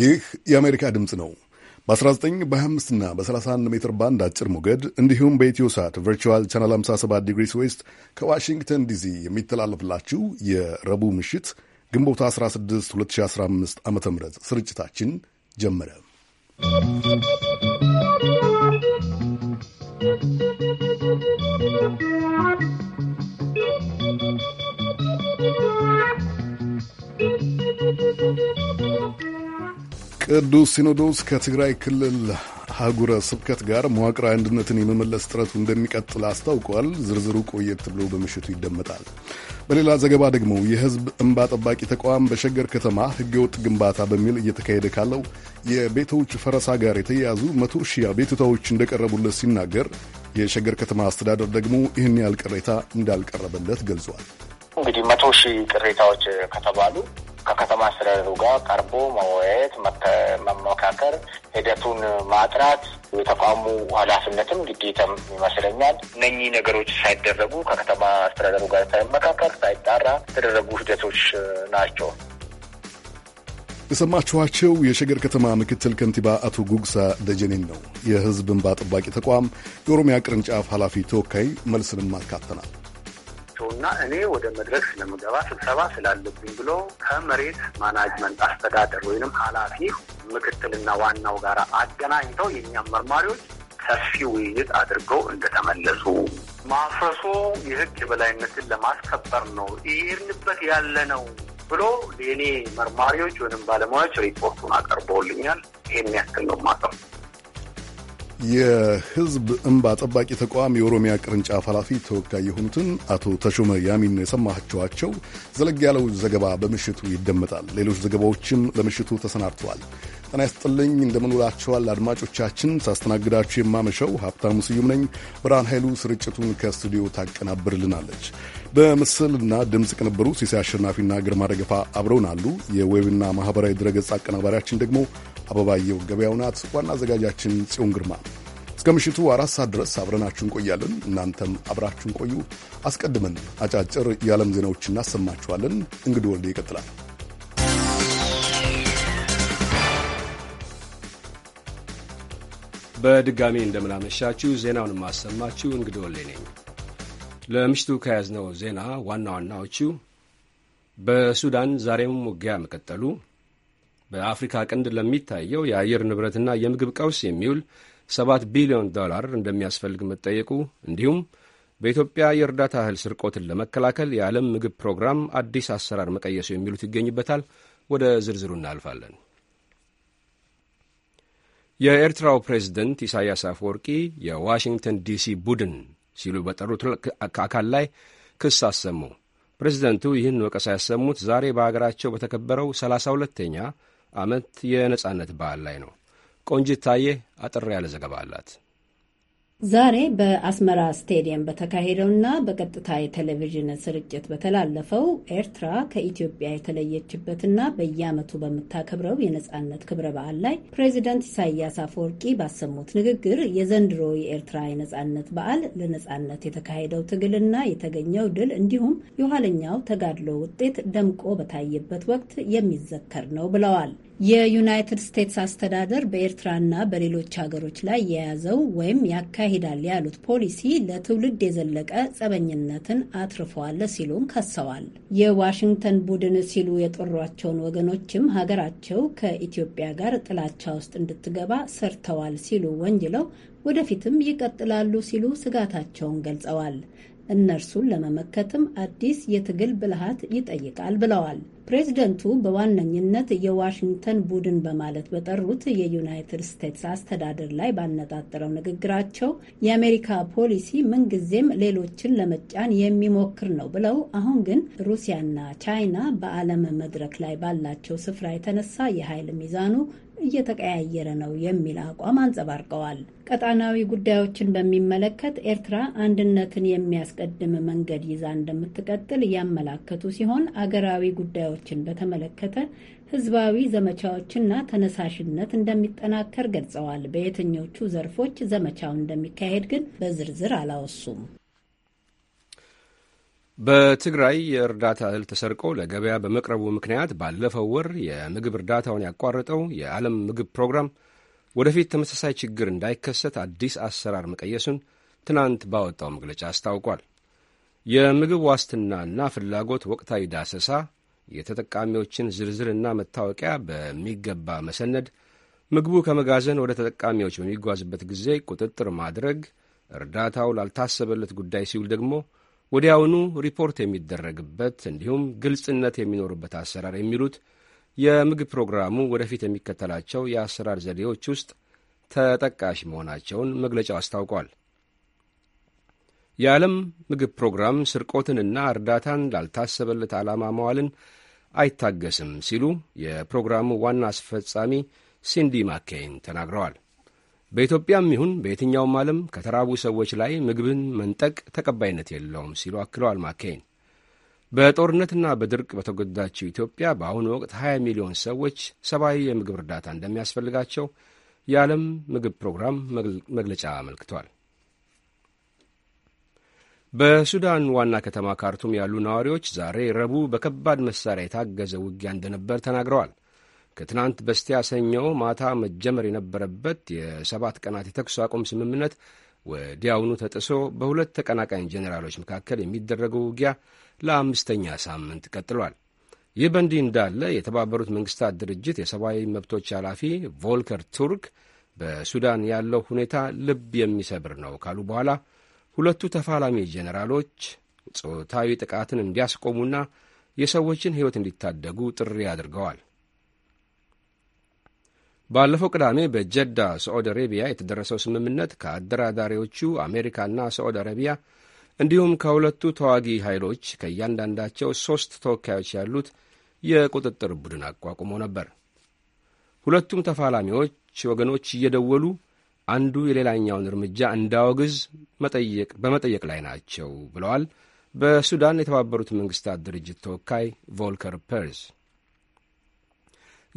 ይህ የአሜሪካ ድምፅ ነው። በ19 በ25 እና በ31 ሜትር ባንድ አጭር ሞገድ እንዲሁም በኢትዮ ሳት ቨርቹዋል ቻናል 57 ዲግሪስ ዌስት ከዋሽንግተን ዲሲ የሚተላለፍላችሁ የረቡዕ ምሽት ግንቦት 16 2015 ዓ ም ስርጭታችን ጀመረ። ¶¶ ቅዱስ ሲኖዶስ ከትግራይ ክልል አህጉረ ስብከት ጋር መዋቅራዊ አንድነትን የመመለስ ጥረቱ እንደሚቀጥል አስታውቋል። ዝርዝሩ ቆየት ብሎ በምሽቱ ይደመጣል። በሌላ ዘገባ ደግሞ የህዝብ እንባ ጠባቂ ተቋም በሸገር ከተማ ህገወጥ ግንባታ በሚል እየተካሄደ ካለው የቤቶች ፈረሳ ጋር የተያያዙ መቶ ሺህ ቤትታዎች እንደቀረቡለት ሲናገር የሸገር ከተማ አስተዳደር ደግሞ ይህን ያህል ቅሬታ እንዳልቀረበለት ገልጿል። እንግዲህ መቶ ሺህ ቅሬታዎች ከተባሉ ከከተማ አስተዳደሩ ጋር ቀርቦ መወያየት፣ መመካከር፣ ሂደቱን ማጥራት የተቋሙ ኃላፊነትም ግዴታም ይመስለኛል። እነኚህ ነገሮች ሳይደረጉ ከከተማ አስተዳደሩ ጋር ሳይመካከር፣ ሳይጣራ የተደረጉ ሂደቶች ናቸው። የሰማችኋቸው የሸገር ከተማ ምክትል ከንቲባ አቶ ጉግሳ ደጀኔን ነው። የሕዝብ እንባ ጠባቂ ተቋም የኦሮሚያ ቅርንጫፍ ኃላፊ ተወካይ መልስንም አካተናል። ናቸውና እኔ ወደ መድረክ ስለምገባ ስብሰባ ስላለብኝ ብሎ ከመሬት ማናጅመንት አስተዳደር ወይንም ኃላፊ ምክትልና ዋናው ጋር አገናኝተው የእኛም መርማሪዎች ሰፊ ውይይት አድርገው እንደተመለሱ ማፍረሱ የህግ የበላይነትን ለማስከበር ነው ይሄድንበት ያለ ነው ብሎ የእኔ መርማሪዎች ወይንም ባለሙያዎች ሪፖርቱን አቀርበውልኛል። ይህን ያክል ነው ማቀርቡ። የህዝብ እንባ ጠባቂ ተቋም የኦሮሚያ ቅርንጫፍ ኃላፊ ተወካይ የሆኑትን አቶ ተሾመ ያሚን የሰማችኋቸው። ዘለግ ያለው ዘገባ በምሽቱ ይደመጣል። ሌሎች ዘገባዎችም ለምሽቱ ተሰናድተዋል። ጤና ይስጥልኝ፣ እንደምንውላችኋል አድማጮቻችን። ሳስተናግዳችሁ የማመሸው ሀብታሙ ስዩም ነኝ። ብርሃን ኃይሉ ስርጭቱን ከስቱዲዮ ታቀናብርልናለች። በምስልና ድምፅ ቅንብሩ ሲሳይ አሸናፊና ግርማ ደገፋ አብረውናሉ። የዌብና ማኅበራዊ ድረገጽ አቀናባሪያችን ደግሞ አበባየው ገበያው ናት። ዋና አዘጋጃችን ጽዮን ግርማ። እስከ ምሽቱ አራት ሰዓት ድረስ አብረናችሁ እንቆያለን። እናንተም አብራችሁን ቆዩ። አስቀድመን አጫጭር የዓለም ዜናዎች እናሰማችኋለን። እንግዲህ ወልዴ ይቀጥላል። በድጋሚ እንደምናመሻችሁ ዜናውን የማሰማችሁ እንግዲህ ወሌ ነኝ። ለምሽቱ ከያዝነው ዜና ዋና ዋናዎቹ በሱዳን ዛሬም ውጊያ መቀጠሉ፣ በአፍሪካ ቀንድ ለሚታየው የአየር ንብረትና የምግብ ቀውስ የሚውል 7 ቢሊዮን ዶላር እንደሚያስፈልግ መጠየቁ እንዲሁም በኢትዮጵያ የእርዳታ እህል ስርቆትን ለመከላከል የዓለም ምግብ ፕሮግራም አዲስ አሰራር መቀየሱ የሚሉት ይገኝበታል። ወደ ዝርዝሩ እናልፋለን። የኤርትራው ፕሬዝደንት ኢሳያስ አፈወርቂ የዋሽንግተን ዲሲ ቡድን ሲሉ በጠሩት አካል ላይ ክስ አሰሙ። ፕሬዝደንቱ ይህን ወቀሳ ያሰሙት ዛሬ በሀገራቸው በተከበረው 32 ሁለተኛ ዓመት የነጻነት በዓል ላይ ነው። ቆንጂት ታዬ አጠር ያለ ዘገባ አላት። ዛሬ በአስመራ ስቴዲየም በተካሄደውና በቀጥታ የቴሌቪዥን ስርጭት በተላለፈው ኤርትራ ከኢትዮጵያ የተለየችበትና በየዓመቱ በምታከብረው የነጻነት ክብረ በዓል ላይ ፕሬዚደንት ኢሳያስ አፈወርቂ ባሰሙት ንግግር የዘንድሮ የኤርትራ የነጻነት በዓል ለነጻነት የተካሄደው ትግልና የተገኘው ድል እንዲሁም የኋለኛው ተጋድሎ ውጤት ደምቆ በታየበት ወቅት የሚዘከር ነው ብለዋል። የዩናይትድ ስቴትስ አስተዳደር በኤርትራና በሌሎች ሀገሮች ላይ የያዘው ወይም ያካሂዳል ያሉት ፖሊሲ ለትውልድ የዘለቀ ጸበኝነትን አትርፏል ሲሉም ከሰዋል። የዋሽንግተን ቡድን ሲሉ የጠሯቸውን ወገኖችም ሀገራቸው ከኢትዮጵያ ጋር ጥላቻ ውስጥ እንድትገባ ሰርተዋል ሲሉ ወንጅለው ወደፊትም ይቀጥላሉ ሲሉ ስጋታቸውን ገልጸዋል። እነርሱን ለመመከትም አዲስ የትግል ብልሃት ይጠይቃል ብለዋል። ፕሬዝደንቱ በዋነኝነት የዋሽንግተን ቡድን በማለት በጠሩት የዩናይትድ ስቴትስ አስተዳደር ላይ ባነጣጠረው ንግግራቸው የአሜሪካ ፖሊሲ ምንጊዜም ሌሎችን ለመጫን የሚሞክር ነው ብለው አሁን ግን ሩሲያና ቻይና በዓለም መድረክ ላይ ባላቸው ስፍራ የተነሳ የኃይል ሚዛኑ እየተቀያየረ ነው የሚል አቋም አንጸባርቀዋል። ቀጣናዊ ጉዳዮችን በሚመለከት ኤርትራ አንድነትን የሚያስቀድም መንገድ ይዛ እንደምትቀጥል እያመላከቱ ሲሆን አገራዊ ጉዳዮችን በተመለከተ ህዝባዊ ዘመቻዎችና ተነሳሽነት እንደሚጠናከር ገልጸዋል። በየትኞቹ ዘርፎች ዘመቻው እንደሚካሄድ ግን በዝርዝር አላወሱም። በትግራይ የእርዳታ እህል ተሰርቆ ለገበያ በመቅረቡ ምክንያት ባለፈው ወር የምግብ እርዳታውን ያቋረጠው የዓለም ምግብ ፕሮግራም ወደፊት ተመሳሳይ ችግር እንዳይከሰት አዲስ አሰራር መቀየሱን ትናንት ባወጣው መግለጫ አስታውቋል። የምግብ ዋስትናና ፍላጎት ወቅታዊ ዳሰሳ፣ የተጠቃሚዎችን ዝርዝርና መታወቂያ በሚገባ መሰነድ፣ ምግቡ ከመጋዘን ወደ ተጠቃሚዎች በሚጓዝበት ጊዜ ቁጥጥር ማድረግ፣ እርዳታው ላልታሰበለት ጉዳይ ሲውል ደግሞ ወዲያውኑ ሪፖርት የሚደረግበት እንዲሁም ግልጽነት የሚኖርበት አሰራር የሚሉት የምግብ ፕሮግራሙ ወደፊት የሚከተላቸው የአሰራር ዘዴዎች ውስጥ ተጠቃሽ መሆናቸውን መግለጫው አስታውቋል። የዓለም ምግብ ፕሮግራም ስርቆትንና እርዳታን ላልታሰበለት ዓላማ መዋልን አይታገስም ሲሉ የፕሮግራሙ ዋና አስፈጻሚ ሲንዲ ማኬይን ተናግረዋል። በኢትዮጵያም ይሁን በየትኛውም ዓለም ከተራቡ ሰዎች ላይ ምግብን መንጠቅ ተቀባይነት የለውም ሲሉ አክለዋል ማኬይን። በጦርነትና በድርቅ በተጎዳችው ኢትዮጵያ በአሁኑ ወቅት 20 ሚሊዮን ሰዎች ሰብአዊ የምግብ እርዳታ እንደሚያስፈልጋቸው የዓለም ምግብ ፕሮግራም መግለጫ አመልክቷል። በሱዳን ዋና ከተማ ካርቱም ያሉ ነዋሪዎች ዛሬ ረቡዕ በከባድ መሳሪያ የታገዘ ውጊያ እንደነበር ተናግረዋል። ከትናንት በስቲያ ሰኞ ማታ መጀመር የነበረበት የሰባት ቀናት የተኩስ አቁም ስምምነት ወዲያውኑ ተጥሶ በሁለት ተቀናቃኝ ጄኔራሎች መካከል የሚደረገው ውጊያ ለአምስተኛ ሳምንት ቀጥሏል። ይህ በእንዲህ እንዳለ የተባበሩት መንግስታት ድርጅት የሰብአዊ መብቶች ኃላፊ ቮልከር ቱርክ በሱዳን ያለው ሁኔታ ልብ የሚሰብር ነው ካሉ በኋላ ሁለቱ ተፋላሚ ጄኔራሎች ጾታዊ ጥቃትን እንዲያስቆሙና የሰዎችን ሕይወት እንዲታደጉ ጥሪ አድርገዋል። ባለፈው ቅዳሜ በጀዳ ሰዑድ አረቢያ የተደረሰው ስምምነት ከአደራዳሪዎቹ አሜሪካና ሳዑዲ አረቢያ እንዲሁም ከሁለቱ ተዋጊ ኃይሎች ከእያንዳንዳቸው ሦስት ተወካዮች ያሉት የቁጥጥር ቡድን አቋቁሞ ነበር። ሁለቱም ተፋላሚዎች ወገኖች እየደወሉ አንዱ የሌላኛውን እርምጃ እንዳወግዝ በመጠየቅ ላይ ናቸው ብለዋል በሱዳን የተባበሩት መንግሥታት ድርጅት ተወካይ ቮልከር ፐርዝ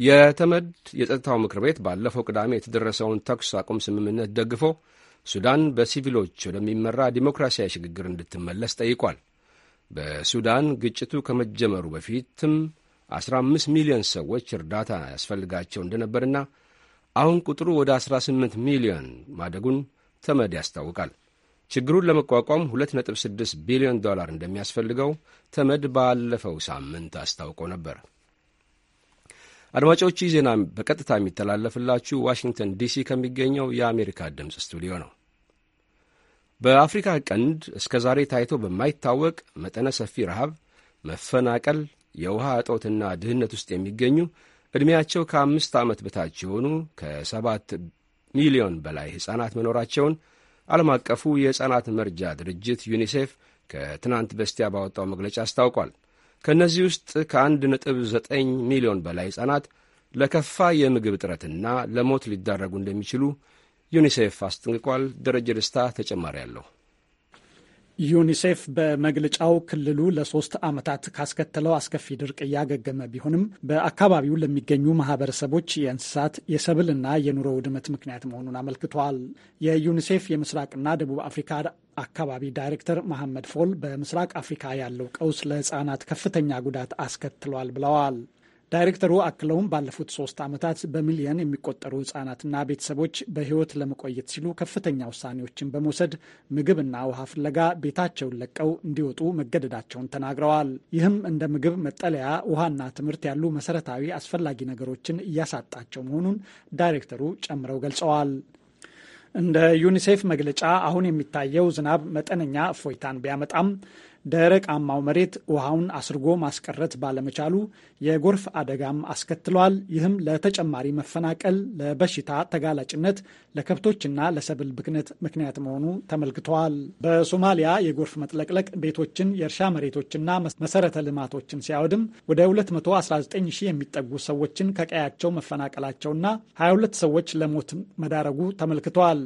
የተመድ የጸጥታው ምክር ቤት ባለፈው ቅዳሜ የተደረሰውን ተኩስ አቁም ስምምነት ደግፎ ሱዳን በሲቪሎች ወደሚመራ ዲሞክራሲያዊ ሽግግር እንድትመለስ ጠይቋል። በሱዳን ግጭቱ ከመጀመሩ በፊትም 15 ሚሊዮን ሰዎች እርዳታ ያስፈልጋቸው እንደነበርና አሁን ቁጥሩ ወደ 18 ሚሊዮን ማደጉን ተመድ ያስታውቃል። ችግሩን ለመቋቋም 2.6 ቢሊዮን ዶላር እንደሚያስፈልገው ተመድ ባለፈው ሳምንት አስታውቆ ነበር። አድማጮቹ ዜና በቀጥታ የሚተላለፍላችሁ ዋሽንግተን ዲሲ ከሚገኘው የአሜሪካ ድምፅ ስቱዲዮ ነው። በአፍሪካ ቀንድ እስከ ዛሬ ታይቶ በማይታወቅ መጠነ ሰፊ ረሃብ፣ መፈናቀል፣ የውሃ እጦትና ድህነት ውስጥ የሚገኙ ዕድሜያቸው ከአምስት ዓመት በታች የሆኑ ከሰባት ሚሊዮን በላይ ሕፃናት መኖራቸውን ዓለም አቀፉ የሕፃናት መርጃ ድርጅት ዩኒሴፍ ከትናንት በስቲያ ባወጣው መግለጫ አስታውቋል። ከእነዚህ ውስጥ ከአንድ ነጥብ ዘጠኝ ሚሊዮን በላይ ሕፃናት ለከፋ የምግብ እጥረትና ለሞት ሊዳረጉ እንደሚችሉ ዩኒሴፍ አስጠንቅቋል። ደረጀ ደስታ ተጨማሪ አለሁ። ዩኒሴፍ በመግለጫው ክልሉ ለሶስት ዓመታት ካስከተለው አስከፊ ድርቅ እያገገመ ቢሆንም በአካባቢው ለሚገኙ ማህበረሰቦች የእንስሳት የሰብልና የኑሮ ውድመት ምክንያት መሆኑን አመልክቷል። የዩኒሴፍ የምስራቅና ደቡብ አፍሪካ አካባቢ ዳይሬክተር መሐመድ ፎል በምስራቅ አፍሪካ ያለው ቀውስ ለህፃናት ከፍተኛ ጉዳት አስከትሏል ብለዋል። ዳይሬክተሩ አክለውም ባለፉት ሶስት ዓመታት በሚሊየን የሚቆጠሩ ህጻናትና ቤተሰቦች በህይወት ለመቆየት ሲሉ ከፍተኛ ውሳኔዎችን በመውሰድ ምግብና ውሃ ፍለጋ ቤታቸውን ለቀው እንዲወጡ መገደዳቸውን ተናግረዋል። ይህም እንደ ምግብ፣ መጠለያ፣ ውሃና ትምህርት ያሉ መሰረታዊ አስፈላጊ ነገሮችን እያሳጣቸው መሆኑን ዳይሬክተሩ ጨምረው ገልጸዋል። እንደ ዩኒሴፍ መግለጫ አሁን የሚታየው ዝናብ መጠነኛ እፎይታን ቢያመጣም ደረቃማው መሬት ውሃውን አስርጎ ማስቀረት ባለመቻሉ የጎርፍ አደጋም አስከትለዋል። ይህም ለተጨማሪ መፈናቀል፣ ለበሽታ ተጋላጭነት፣ ለከብቶችና ለሰብል ብክነት ምክንያት መሆኑ ተመልክተዋል። በሶማሊያ የጎርፍ መጥለቅለቅ ቤቶችን፣ የእርሻ መሬቶችና መሰረተ ልማቶችን ሲያወድም ወደ 219 ሺህ የሚጠጉ ሰዎችን ከቀያቸው መፈናቀላቸውና 22 ሰዎች ለሞት መዳረጉ ተመልክተዋል።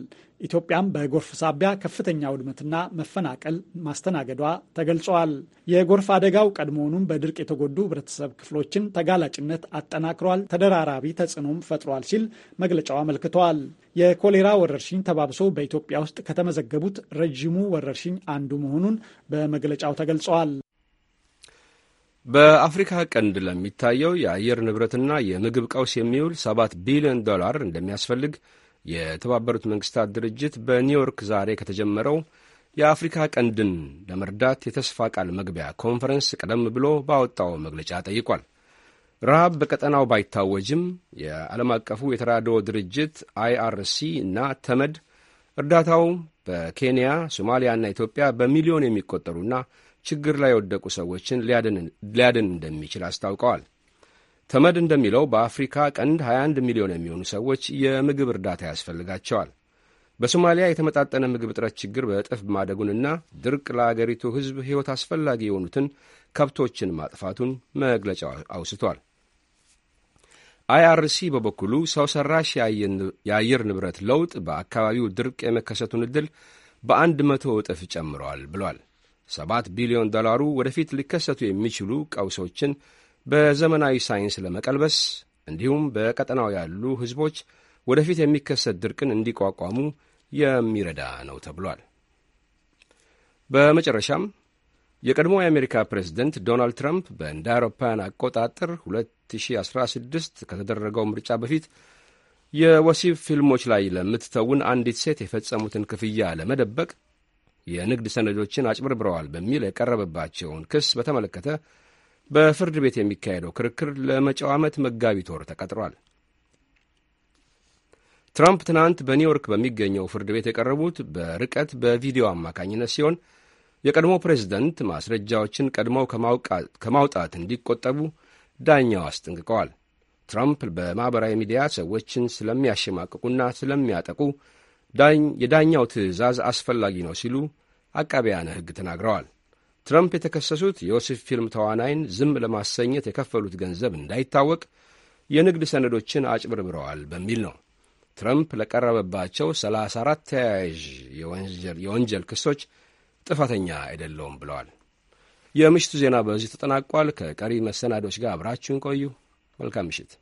ኢትዮጵያም በጎርፍ ሳቢያ ከፍተኛ ውድመትና መፈናቀል ማስተናገዷ ተገልጿል። የጎርፍ አደጋው ቀድሞውኑም በድርቅ የተጎዱ ህብረተሰብ ክፍሎችን ተጋላጭነት አጠናክሯል፣ ተደራራቢ ተጽዕኖም ፈጥሯል ሲል መግለጫው አመልክቷል። የኮሌራ ወረርሽኝ ተባብሶ በኢትዮጵያ ውስጥ ከተመዘገቡት ረዥሙ ወረርሽኝ አንዱ መሆኑን በመግለጫው ተገልጿል። በአፍሪካ ቀንድ ለሚታየው የአየር ንብረትና የምግብ ቀውስ የሚውል ሰባት ቢሊዮን ዶላር እንደሚያስፈልግ የተባበሩት መንግስታት ድርጅት በኒውዮርክ ዛሬ ከተጀመረው የአፍሪካ ቀንድን ለመርዳት የተስፋ ቃል መግቢያ ኮንፈረንስ ቀደም ብሎ ባወጣው መግለጫ ጠይቋል። ረሃብ በቀጠናው ባይታወጅም የዓለም አቀፉ የተራድኦ ድርጅት አይአርሲ እና ተመድ እርዳታው በኬንያ ሶማሊያና ኢትዮጵያ በሚሊዮን የሚቆጠሩና ችግር ላይ የወደቁ ሰዎችን ሊያድን እንደሚችል አስታውቀዋል። ተመድ እንደሚለው በአፍሪካ ቀንድ 21 ሚሊዮን የሚሆኑ ሰዎች የምግብ እርዳታ ያስፈልጋቸዋል። በሶማሊያ የተመጣጠነ ምግብ እጥረት ችግር በእጥፍ ማደጉንና ድርቅ ለአገሪቱ ሕዝብ ሕይወት አስፈላጊ የሆኑትን ከብቶችን ማጥፋቱን መግለጫው አውስቷል። አይአርሲ በበኩሉ ሰው ሰራሽ የአየር ንብረት ለውጥ በአካባቢው ድርቅ የመከሰቱን ዕድል በአንድ መቶ እጥፍ ጨምረዋል ብሏል። ሰባት ቢሊዮን ዶላሩ ወደፊት ሊከሰቱ የሚችሉ ቀውሶችን በዘመናዊ ሳይንስ ለመቀልበስ እንዲሁም በቀጠናው ያሉ ሕዝቦች ወደፊት የሚከሰት ድርቅን እንዲቋቋሙ የሚረዳ ነው ተብሏል። በመጨረሻም የቀድሞ የአሜሪካ ፕሬዝደንት ዶናልድ ትራምፕ በእንደ አውሮፓውያን አቆጣጠር 2016 ከተደረገው ምርጫ በፊት የወሲብ ፊልሞች ላይ ለምትተውን አንዲት ሴት የፈጸሙትን ክፍያ ለመደበቅ የንግድ ሰነዶችን አጭበርብረዋል በሚል የቀረበባቸውን ክስ በተመለከተ በፍርድ ቤት የሚካሄደው ክርክር ለመጪው ዓመት መጋቢት ወር ተቀጥሯል። ትራምፕ ትናንት በኒውዮርክ በሚገኘው ፍርድ ቤት የቀረቡት በርቀት በቪዲዮ አማካኝነት ሲሆን የቀድሞ ፕሬዝደንት ማስረጃዎችን ቀድመው ከማውጣት እንዲቆጠቡ ዳኛው አስጠንቅቀዋል። ትራምፕ በማኅበራዊ ሚዲያ ሰዎችን ስለሚያሸማቅቁና ስለሚያጠቁ የዳኛው ትዕዛዝ አስፈላጊ ነው ሲሉ አቃቢያነ ሕግ ተናግረዋል። ትረምፕ የተከሰሱት የወሲብ ፊልም ተዋናይን ዝም ለማሰኘት የከፈሉት ገንዘብ እንዳይታወቅ የንግድ ሰነዶችን አጭበርብረዋል በሚል ነው። ትረምፕ ለቀረበባቸው 34 ተያያዥ የወንጀል ክሶች ጥፋተኛ አይደለውም ብለዋል። የምሽቱ ዜና በዚህ ተጠናቋል። ከቀሪ መሰናዶች ጋር አብራችሁን ቆዩ። መልካም ምሽት።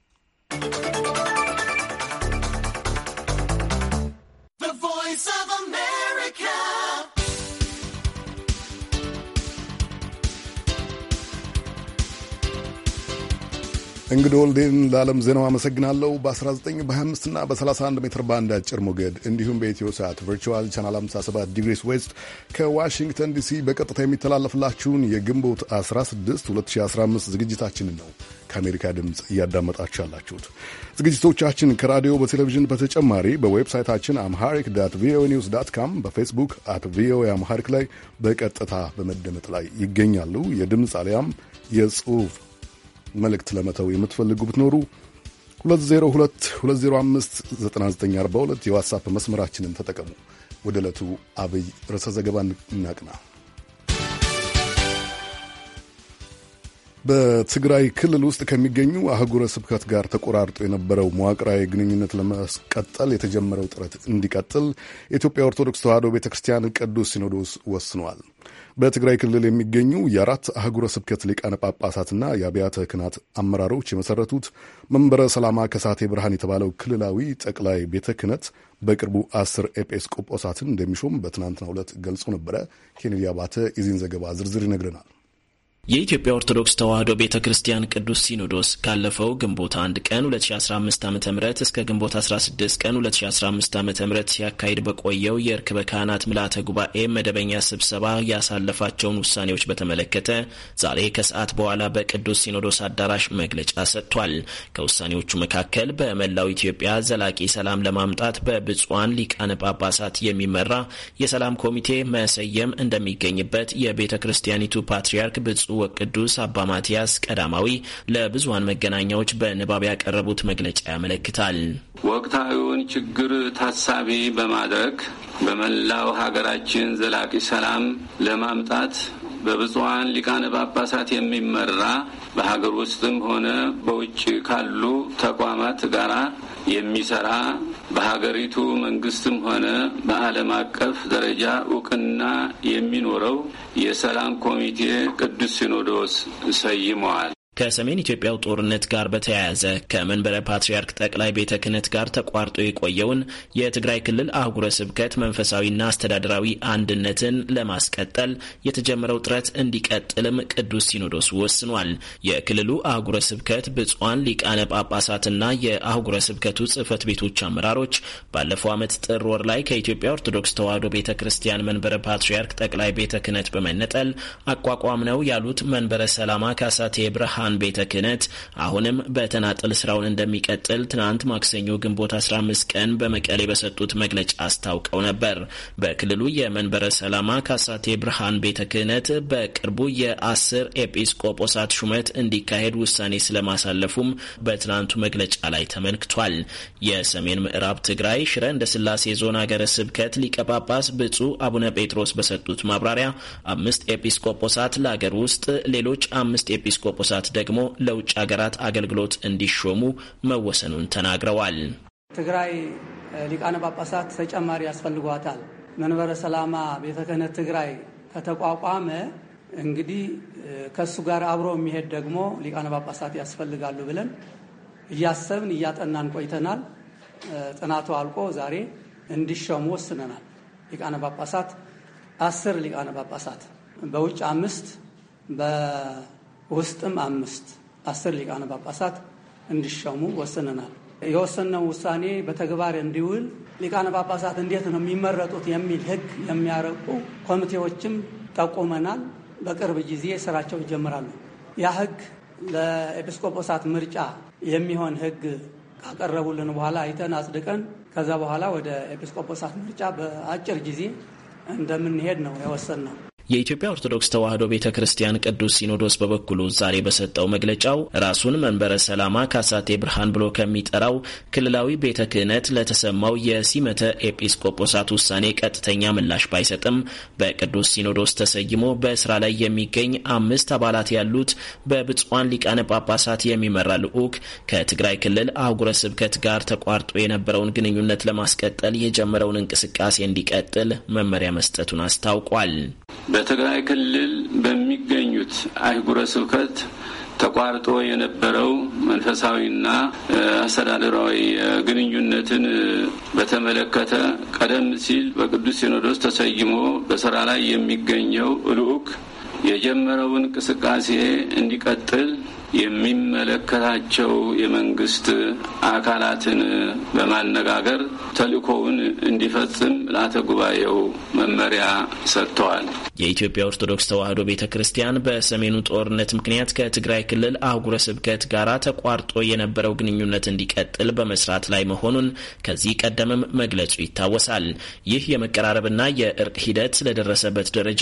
እንግዲህ ወልዴን ለዓለም ዜናው አመሰግናለሁ። በ19 በ25 እና በ31 ሜትር ባንድ አጭር ሞገድ እንዲሁም በኢትዮ ሰዓት ቨርቹዋል ቻናል 57 ዲግሪስ ዌስት ከዋሽንግተን ዲሲ በቀጥታ የሚተላለፍላችሁን የግንቦት 16 2015 ዝግጅታችንን ነው ከአሜሪካ ድምፅ እያዳመጣችሁ ያላችሁት። ዝግጅቶቻችን ከራዲዮ በቴሌቪዥን በተጨማሪ በዌብሳይታችን አምሃሪክ ዳት ቪኦኤ ኒውስ ዳት ካም በፌስቡክ አት ቪኦኤ አምሃሪክ ላይ በቀጥታ በመደመጥ ላይ ይገኛሉ። የድምፅ አሊያም የጽሁፍ መልእክት ለመተው የምትፈልጉ ብትኖሩ 2022059942 የዋትሳፕ መስመራችንን ተጠቀሙ። ወደ ዕለቱ አብይ ርዕሰ ዘገባ እናቅና። በትግራይ ክልል ውስጥ ከሚገኙ አህጉረ ስብከት ጋር ተቆራርጦ የነበረው መዋቅራዊ ግንኙነት ለማስቀጠል የተጀመረው ጥረት እንዲቀጥል የኢትዮጵያ ኦርቶዶክስ ተዋሕዶ ቤተ ክርስቲያን ቅዱስ ሲኖዶስ ወስኗል። በትግራይ ክልል የሚገኙ የአራት አህጉረ ስብከት ሊቃነ ጳጳሳትና የአብያተ ክናት አመራሮች የመሰረቱት መንበረ ሰላማ ከሳቴ ብርሃን የተባለው ክልላዊ ጠቅላይ ቤተ ክህነት በቅርቡ አስር ኤጲስቆጶሳትን እንደሚሾም በትናንትናው ዕለት ገልጾ ነበረ። ኬኔዲ አባተ የዚህን ዘገባ ዝርዝር ይነግረናል። የኢትዮጵያ ኦርቶዶክስ ተዋሕዶ ቤተ ክርስቲያን ቅዱስ ሲኖዶስ ካለፈው ግንቦት 1 ቀን 2015 ዓ ም እስከ ግንቦት 16 ቀን 2015 ዓ ም ሲያካሂድ በቆየው የእርክበ ካህናት ምልአተ ጉባኤ መደበኛ ስብሰባ ያሳለፋቸውን ውሳኔዎች በተመለከተ ዛሬ ከሰዓት በኋላ በቅዱስ ሲኖዶስ አዳራሽ መግለጫ ሰጥቷል። ከውሳኔዎቹ መካከል በመላው ኢትዮጵያ ዘላቂ ሰላም ለማምጣት በብፁዓን ሊቃነ ጳጳሳት የሚመራ የሰላም ኮሚቴ መሰየም እንደሚገኝበት የቤተ ክርስቲያኒቱ ፓትርያርክ ብ። ብፁዕ ወቅዱስ አባ ማቲያስ ቀዳማዊ ለብዙሃን መገናኛዎች በንባብ ያቀረቡት መግለጫ ያመለክታል። ወቅታዊውን ችግር ታሳቢ በማድረግ በመላው ሀገራችን ዘላቂ ሰላም ለማምጣት በብፁዓን ሊቃነ ጳጳሳት የሚመራ በሀገር ውስጥም ሆነ በውጭ ካሉ ተቋማት ጋራ የሚሰራ በሀገሪቱ መንግስትም ሆነ በዓለም አቀፍ ደረጃ እውቅና የሚኖረው የሰላም ኮሚቴ ቅዱስ ሲኖዶስ ሰይመዋል። ከሰሜን ኢትዮጵያው ጦርነት ጋር በተያያዘ ከመንበረ ፓትርያርክ ጠቅላይ ቤተ ክህነት ጋር ተቋርጦ የቆየውን የትግራይ ክልል አህጉረ ስብከት መንፈሳዊና አስተዳደራዊ አንድነትን ለማስቀጠል የተጀመረው ጥረት እንዲቀጥልም ቅዱስ ሲኖዶስ ወስኗል። የክልሉ አህጉረ ስብከት ብፁዓን ሊቃነ ጳጳሳትና የአህጉረ ስብከቱ ጽህፈት ቤቶች አመራሮች ባለፈው ዓመት ጥር ወር ላይ ከኢትዮጵያ ኦርቶዶክስ ተዋህዶ ቤተ ክርስቲያን መንበረ ፓትርያርክ ጠቅላይ ቤተ ክህነት በመነጠል አቋቋም ነው ያሉት መንበረ ሰላማ ካሳቴ ብርሃን ቅዱሳን ቤተ ክህነት አሁንም በተናጠል ስራውን እንደሚቀጥል ትናንት ማክሰኞ ግንቦት 15 ቀን በመቀሌ በሰጡት መግለጫ አስታውቀው ነበር። በክልሉ የመንበረ ሰላማ ካሳቴ ብርሃን ቤተ ክህነት በቅርቡ የአስር ኤጲስቆጶሳት ሹመት እንዲካሄድ ውሳኔ ስለማሳለፉም በትናንቱ መግለጫ ላይ ተመልክቷል። የሰሜን ምዕራብ ትግራይ ሽረ እንደ ስላሴ ዞን ሀገረ ስብከት ሊቀ ጳጳስ ብፁዕ አቡነ ጴጥሮስ በሰጡት ማብራሪያ አምስት ኤጲስቆጶሳት ለሀገር ውስጥ ሌሎች አምስት ኤጲስቆጶሳት ደግሞ ለውጭ ሀገራት አገልግሎት እንዲሾሙ መወሰኑን ተናግረዋል። ትግራይ ሊቃነ ጳጳሳት ተጨማሪ ያስፈልጓታል። መንበረ ሰላማ ቤተ ክህነት ትግራይ ከተቋቋመ እንግዲህ ከእሱ ጋር አብሮ የሚሄድ ደግሞ ሊቃነ ጳጳሳት ያስፈልጋሉ ብለን እያሰብን እያጠናን ቆይተናል። ጥናቱ አልቆ ዛሬ እንዲሾሙ ወስነናል። ሊቃነ ጳጳሳት አስር ሊቃነ ጳጳሳት በውጭ አምስት፣ ውስጥም አምስት አስር ሊቃነ ጳጳሳት እንዲሸሙ ወስነናል። የወሰነው ውሳኔ በተግባር እንዲውል ሊቃነ ጳጳሳት እንዴት ነው የሚመረጡት የሚል ሕግ የሚያረቁ ኮሚቴዎችም ጠቁመናል። በቅርብ ጊዜ ስራቸው ይጀምራሉ። ያ ሕግ ለኤጲስቆጶሳት ምርጫ የሚሆን ሕግ ካቀረቡልን በኋላ አይተን አጽድቀን ከዛ በኋላ ወደ ኤጲስቆጶሳት ምርጫ በአጭር ጊዜ እንደምንሄድ ነው የወሰን ነው። የኢትዮጵያ ኦርቶዶክስ ተዋሕዶ ቤተ ክርስቲያን ቅዱስ ሲኖዶስ በበኩሉ ዛሬ በሰጠው መግለጫው ራሱን መንበረ ሰላማ ካሳቴ ብርሃን ብሎ ከሚጠራው ክልላዊ ቤተ ክህነት ለተሰማው የሲመተ ኤጲስቆጶሳት ውሳኔ ቀጥተኛ ምላሽ ባይሰጥም በቅዱስ ሲኖዶስ ተሰይሞ በስራ ላይ የሚገኝ አምስት አባላት ያሉት በብፁዓን ሊቃነ ጳጳሳት የሚመራ ልዑክ ከትግራይ ክልል አህጉረ ስብከት ጋር ተቋርጦ የነበረውን ግንኙነት ለማስቀጠል የጀመረውን እንቅስቃሴ እንዲቀጥል መመሪያ መስጠቱን አስታውቋል። በትግራይ ክልል በሚገኙት አህጉረ ስብከት ተቋርጦ የነበረው መንፈሳዊና አስተዳደራዊ ግንኙነትን በተመለከተ ቀደም ሲል በቅዱስ ሲኖዶስ ተሰይሞ በስራ ላይ የሚገኘው ልዑክ የጀመረው እንቅስቃሴ እንዲቀጥል የሚመለከታቸው የመንግስት አካላትን በማነጋገር ተልእኮውን እንዲፈጽም ምልአተ ጉባኤው መመሪያ ሰጥተዋል። የኢትዮጵያ ኦርቶዶክስ ተዋሕዶ ቤተ ክርስቲያን በሰሜኑ ጦርነት ምክንያት ከትግራይ ክልል አህጉረ ስብከት ጋር ተቋርጦ የነበረው ግንኙነት እንዲቀጥል በመስራት ላይ መሆኑን ከዚህ ቀደምም መግለጹ ይታወሳል። ይህ የመቀራረብና የእርቅ ሂደት ስለደረሰበት ደረጃ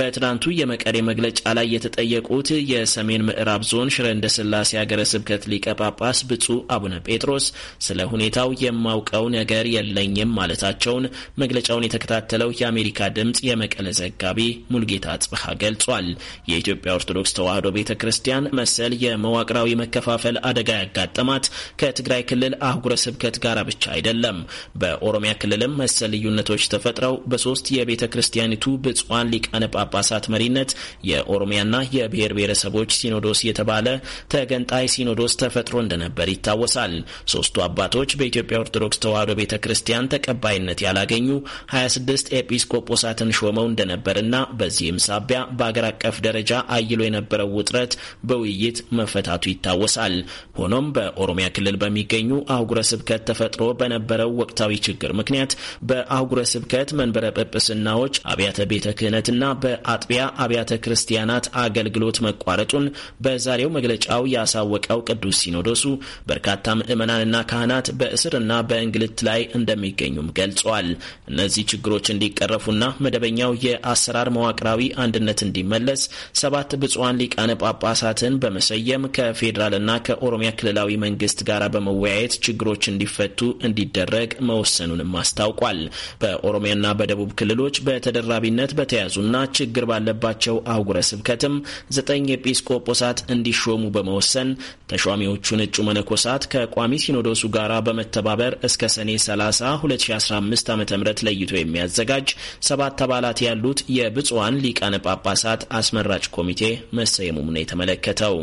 በትናንቱ የመቀሌ በዛሬ መግለጫ ላይ የተጠየቁት የሰሜን ምዕራብ ዞን ሽረ እንደ ስላሴ ሀገረ ስብከት ሊቀ ጳጳስ ብፁዕ አቡነ ጴጥሮስ ስለ ሁኔታው የማውቀው ነገር የለኝም ማለታቸውን መግለጫውን የተከታተለው የአሜሪካ ድምፅ የመቀለ ዘጋቢ ሙልጌታ ጽብሃ ገልጿል። የኢትዮጵያ ኦርቶዶክስ ተዋሕዶ ቤተ ክርስቲያን መሰል የመዋቅራዊ መከፋፈል አደጋ ያጋጠማት ከትግራይ ክልል አህጉረ ስብከት ጋር ብቻ አይደለም። በኦሮሚያ ክልልም መሰል ልዩነቶች ተፈጥረው በሶስት የቤተ ክርስቲያኒቱ ብፁዓን ሊቃነ ጳጳሳት መሪነት የኦሮሚያና የብሔር ብሔረሰቦች ሲኖዶስ የተባለ ተገንጣይ ሲኖዶስ ተፈጥሮ እንደነበር ይታወሳል። ሶስቱ አባቶች በኢትዮጵያ ኦርቶዶክስ ተዋህዶ ቤተ ክርስቲያን ተቀባይነት ያላገኙ 26 ኤጲስቆጶሳትን ሾመው እንደነበርና በዚህም ሳቢያ በአገር አቀፍ ደረጃ አይሎ የነበረው ውጥረት በውይይት መፈታቱ ይታወሳል። ሆኖም በኦሮሚያ ክልል በሚገኙ አህጉረ ስብከት ተፈጥሮ በነበረው ወቅታዊ ችግር ምክንያት በአህጉረ ስብከት መንበረ ጵጵስናዎች፣ አብያተ ቤተ ክህነትና በአጥቢያ አብያተ አብያተ ክርስቲያናት አገልግሎት መቋረጡን በዛሬው መግለጫው ያሳወቀው ቅዱስ ሲኖዶሱ በርካታ ምዕመናንና ካህናት በእስርና በእንግልት ላይ እንደሚገኙም ገልጿል። እነዚህ ችግሮች እንዲቀረፉና መደበኛው የአሰራር መዋቅራዊ አንድነት እንዲመለስ ሰባት ብፁዓን ሊቃነ ጳጳሳትን በመሰየም ከፌዴራልና ከኦሮሚያ ክልላዊ መንግስት ጋር በመወያየት ችግሮች እንዲፈቱ እንዲደረግ መወሰኑንም አስታውቋል። በኦሮሚያና በደቡብ ክልሎች በተደራቢነት በተያዙና ችግር ባለባቸው በተሰጠው አህጉረ ስብከትም ዘጠኝ ኤጲስቆጶሳት እንዲሾሙ በመወሰን ተሿሚዎቹን እጩ መነኮሳት ከቋሚ ሲኖዶሱ ጋር በመተባበር እስከ ሰኔ 30 2015 ዓ ም ለይቶ የሚያዘጋጅ ሰባት አባላት ያሉት የብፁዓን ሊቃነ ጳጳሳት አስመራጭ ኮሚቴ መሰየሙም ነው የተመለከተው።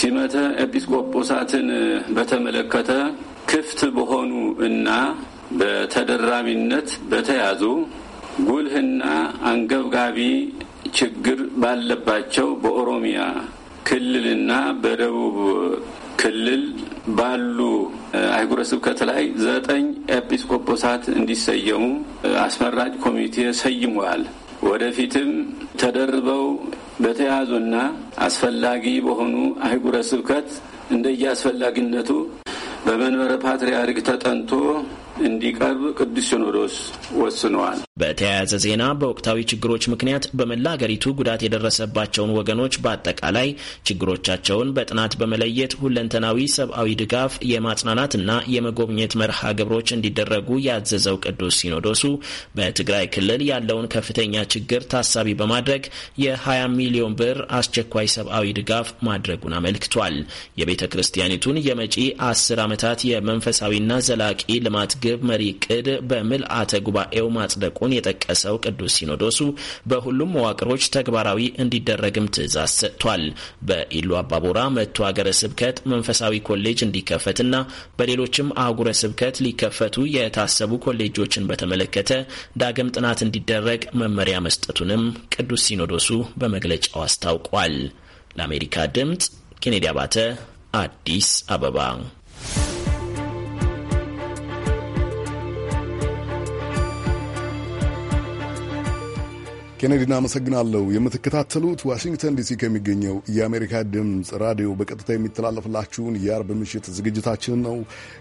ሲመተ ኤጲስቆጶሳትን በተመለከተ ክፍት በሆኑ እና በተደራሚነት በተያዙ ጉልህና አንገብጋቢ ችግር ባለባቸው በኦሮሚያ ክልልና በደቡብ ክልል ባሉ አህጉረ ስብከት ላይ ዘጠኝ ኤጲስቆጶሳት እንዲሰየሙ አስመራጭ ኮሚቴ ሰይመዋል። ወደፊትም ተደርበው በተያዙና አስፈላጊ በሆኑ አህጉረ ስብከት እንደየ አስፈላጊነቱ በመንበረ ፓትርያርክ ተጠንቶ እንዲቀርብ ቅዱስ ሲኖዶስ ወስነዋል። በተያያዘ ዜና በወቅታዊ ችግሮች ምክንያት በመላ አገሪቱ ጉዳት የደረሰባቸውን ወገኖች በአጠቃላይ ችግሮቻቸውን በጥናት በመለየት ሁለንተናዊ ሰብአዊ ድጋፍ የማጽናናትና የመጎብኘት መርሃ ግብሮች እንዲደረጉ ያዘዘው ቅዱስ ሲኖዶሱ በትግራይ ክልል ያለውን ከፍተኛ ችግር ታሳቢ በማድረግ የ20 ሚሊዮን ብር አስቸኳይ ሰብአዊ ድጋፍ ማድረጉን አመልክቷል። የቤተ ክርስቲያኒቱን የመጪ አስር ዓመታት የመንፈሳዊና ዘላቂ ልማት ግብ መሪ ቅድ በምልአተ ጉባኤው ማጽደቁን የጠቀሰው ቅዱስ ሲኖዶሱ በሁሉም መዋቅሮች ተግባራዊ እንዲደረግም ትዕዛዝ ሰጥቷል። በኢሉ አባቦራ መቱ ሀገረ ስብከት መንፈሳዊ ኮሌጅ እንዲከፈትና በሌሎችም አህጉረ ስብከት ሊከፈቱ የታሰቡ ኮሌጆችን በተመለከተ ዳግም ጥናት እንዲደረግ መመሪያ መስጠቱንም ቅዱስ ሲኖዶሱ በመግለጫው አስታውቋል። ለአሜሪካ ድምጽ ኬኔዲ አባተ አዲስ አበባ ኬኔዲን አመሰግናለሁ። የምትከታተሉት ዋሽንግተን ዲሲ ከሚገኘው የአሜሪካ ድምፅ ራዲዮ በቀጥታ የሚተላለፍላችሁን የአርብ ምሽት ዝግጅታችንን ነው።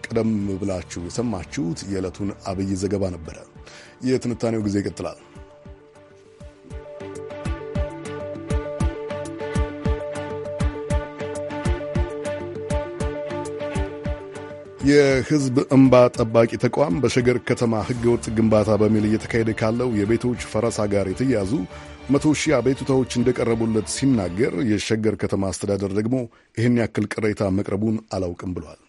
ቀደም ብላችሁ የሰማችሁት የዕለቱን አብይ ዘገባ ነበረ። የትንታኔው ጊዜ ይቀጥላል። የህዝብ እንባ ጠባቂ ተቋም በሸገር ከተማ ህገወጥ ግንባታ በሚል እየተካሄደ ካለው የቤቶች ፈረሳ ጋር የተያያዙ መቶ ሺህ አቤቱታዎች እንደቀረቡለት ሲናገር የሸገር ከተማ አስተዳደር ደግሞ ይህን ያክል ቅሬታ መቅረቡን አላውቅም ብሏል።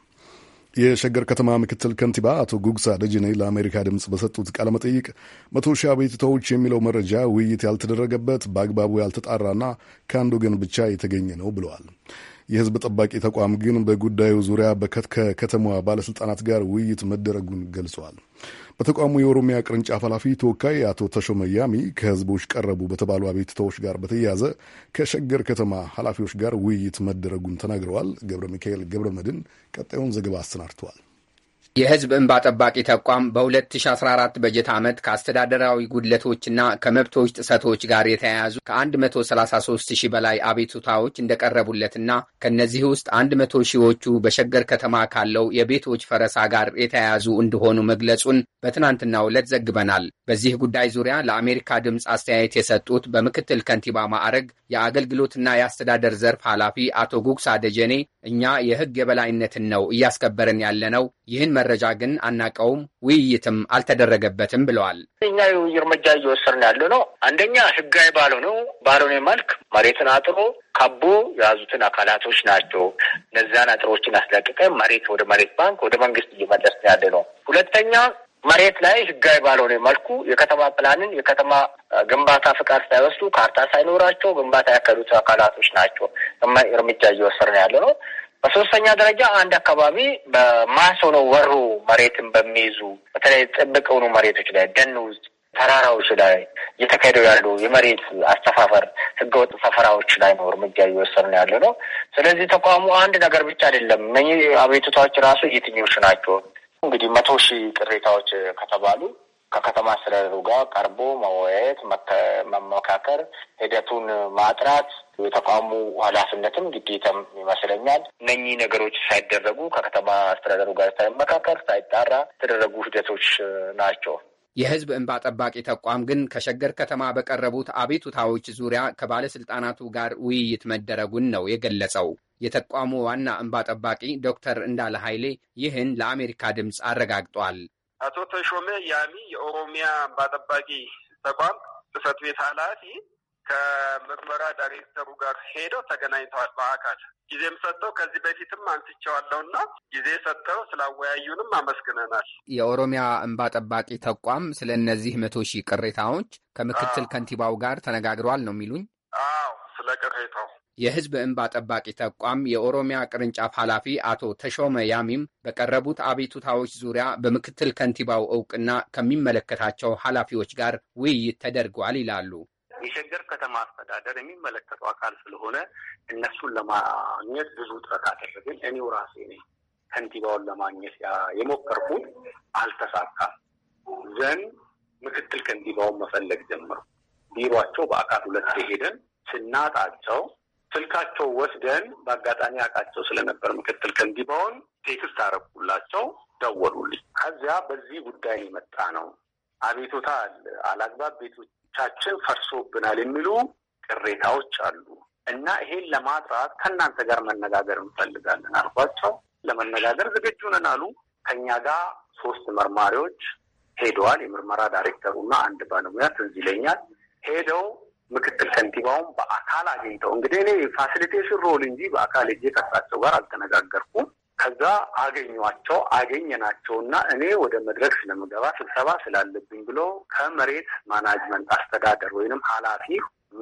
የሸገር ከተማ ምክትል ከንቲባ አቶ ጉግሳ ደጀኔ ለአሜሪካ ድምፅ በሰጡት ቃለ መጠይቅ መቶ ሺህ አቤቱታዎች የሚለው መረጃ ውይይት ያልተደረገበት በአግባቡ ያልተጣራና ከአንድ ወገን ብቻ የተገኘ ነው ብለዋል። የህዝብ ጠባቂ ተቋም ግን በጉዳዩ ዙሪያ ከከተማዋ ባለስልጣናት ጋር ውይይት መደረጉን ገልጸዋል። በተቋሙ የኦሮሚያ ቅርንጫፍ ኃላፊ ተወካይ አቶ ተሾመ ያሚ ከህዝቦች ቀረቡ በተባሉ አቤቱታዎች ጋር በተያያዘ ከሸገር ከተማ ኃላፊዎች ጋር ውይይት መደረጉን ተናግረዋል። ገብረ ሚካኤል ገብረ መድን ቀጣዩን ዘገባ አሰናድተዋል። የሕዝብ እንባ ጠባቂ ተቋም በ2014 በጀት ዓመት ከአስተዳደራዊ ጉድለቶችና ከመብቶች ጥሰቶች ጋር የተያያዙ ከ133 ሺህ በላይ አቤቱታዎች እንደቀረቡለትና ከእነዚህ ውስጥ 100 ሺዎቹ በሸገር ከተማ ካለው የቤቶች ፈረሳ ጋር የተያያዙ እንደሆኑ መግለጹን በትናንትናው ዕለት ዘግበናል። በዚህ ጉዳይ ዙሪያ ለአሜሪካ ድምፅ አስተያየት የሰጡት በምክትል ከንቲባ ማዕረግ የአገልግሎትና የአስተዳደር ዘርፍ ኃላፊ አቶ ጉግሳ ደጀኔ እኛ የህግ የበላይነትን ነው እያስከበርን ያለነው። ይህን መረጃ ግን አናቀውም፣ ውይይትም አልተደረገበትም ብለዋል። እኛ እርምጃ እየወሰድን ያለ ነው። አንደኛ ሕጋዊ ባልሆነው ባልሆነ መልክ መሬትን አጥሮ ካቦ የያዙትን አካላቶች ናቸው። እነዚያን አጥሮችን አስለቅቀ መሬት ወደ መሬት ባንክ ወደ መንግስት እየመለስን ያለ ነው። ሁለተኛ መሬት ላይ ህጋዊ ባልሆነ መልኩ የከተማ ፕላንን የከተማ ግንባታ ፍቃድ ሳይወስዱ ካርታ ሳይኖራቸው ግንባታ ያካሄዱት አካላቶች ናቸው እርምጃ እየወሰድን ያለ ነው። በሶስተኛ ደረጃ አንድ አካባቢ በማስ ሆነው ወሮ መሬትን በሚይዙ በተለይ ጥብቅ የሆኑ መሬቶች ላይ ደን ውስጥ ተራራዎች ላይ እየተካሄደው ያሉ የመሬት አስተፋፈር ህገወጥ ሰፈራዎች ላይ ነው እርምጃ እየወሰድን ያለ ነው። ስለዚህ ተቋሙ አንድ ነገር ብቻ አይደለም። እነዚህ አቤቱታዎች ራሱ የትኞቹ ናቸው እንግዲህ መቶ ሺህ ቅሬታዎች ከተባሉ ከከተማ አስተዳደሩ ጋር ቀርቦ መወያየት፣ መመካከር፣ ሂደቱን ማጥራት የተቋሙ ኃላፊነትም ግዴታም ይመስለኛል። እነኚህ ነገሮች ሳይደረጉ ከከተማ አስተዳደሩ ጋር ሳይመካከር ሳይጣራ የተደረጉ ሂደቶች ናቸው። የሕዝብ እንባ ጠባቂ ተቋም ግን ከሸገር ከተማ በቀረቡት አቤቱታዎች ዙሪያ ከባለስልጣናቱ ጋር ውይይት መደረጉን ነው የገለጸው። የተቋሙ ዋና እንባ ጠባቂ ዶክተር እንዳለ ኃይሌ ይህን ለአሜሪካ ድምፅ አረጋግጧል። አቶ ተሾመ ያሚ የኦሮሚያ እንባ ጠባቂ ተቋም ጽህፈት ቤት ኃላፊ ከምርመራ ዳይሬክተሩ ጋር ሄደው ተገናኝተዋል። በአካል ጊዜም ሰጥተው ከዚህ በፊትም አንስቼዋለሁና ጊዜ ሰጥተው ስላወያዩንም አመስግነናል። የኦሮሚያ እንባ ጠባቂ ተቋም ስለ እነዚህ መቶ ሺህ ቅሬታዎች ከምክትል ከንቲባው ጋር ተነጋግሯል ነው የሚሉኝ? አዎ ስለ ቅሬታው የህዝብ እንባ ጠባቂ ተቋም የኦሮሚያ ቅርንጫፍ ኃላፊ አቶ ተሾመ ያሚም በቀረቡት አቤቱታዎች ዙሪያ በምክትል ከንቲባው እውቅና ከሚመለከታቸው ኃላፊዎች ጋር ውይይት ተደርጓል ይላሉ። የሸገር ከተማ አስተዳደር የሚመለከተው አካል ስለሆነ እነሱን ለማግኘት ብዙ ጥረት አደረግን። እኔው ራሴ ነኝ ከንቲባውን ለማግኘት የሞከርኩት አልተሳካም። ዘን ምክትል ከንቲባውን መፈለግ ጀምሩ ቢሯቸው በአካል ሁለት ሄደን ስናጣቸው ስልካቸው ወስደን በአጋጣሚ አውቃቸው ስለነበር ምክትል ከንቲባውን ቴክስት አረኩላቸው፣ ደወሉልኝ። ከዚያ በዚህ ጉዳይ የመጣ ነው አቤቱታ አለ፣ አላግባብ ቤቶቻችን ፈርሶብናል የሚሉ ቅሬታዎች አሉ እና ይሄን ለማጥራት ከእናንተ ጋር መነጋገር እንፈልጋለን አልኳቸው። ለመነጋገር ዝግጁ ነን አሉ። ከኛ ጋር ሶስት መርማሪዎች ሄደዋል። የምርመራ ዳይሬክተሩና አንድ ባለሙያ ትዝ ይለኛል ሄደው ምክትል ከንቲባውም በአካል አግኝተው እንግዲህ እኔ ፋሲሊቴሽን ሮል እንጂ በአካል እጄ ከሳቸው ጋር አልተነጋገርኩም። ከዛ አገኟቸው አገኘናቸው እና እኔ ወደ መድረክ ስለምገባ ስብሰባ ስላለብኝ ብሎ ከመሬት ማናጅመንት አስተዳደር ወይንም ኃላፊ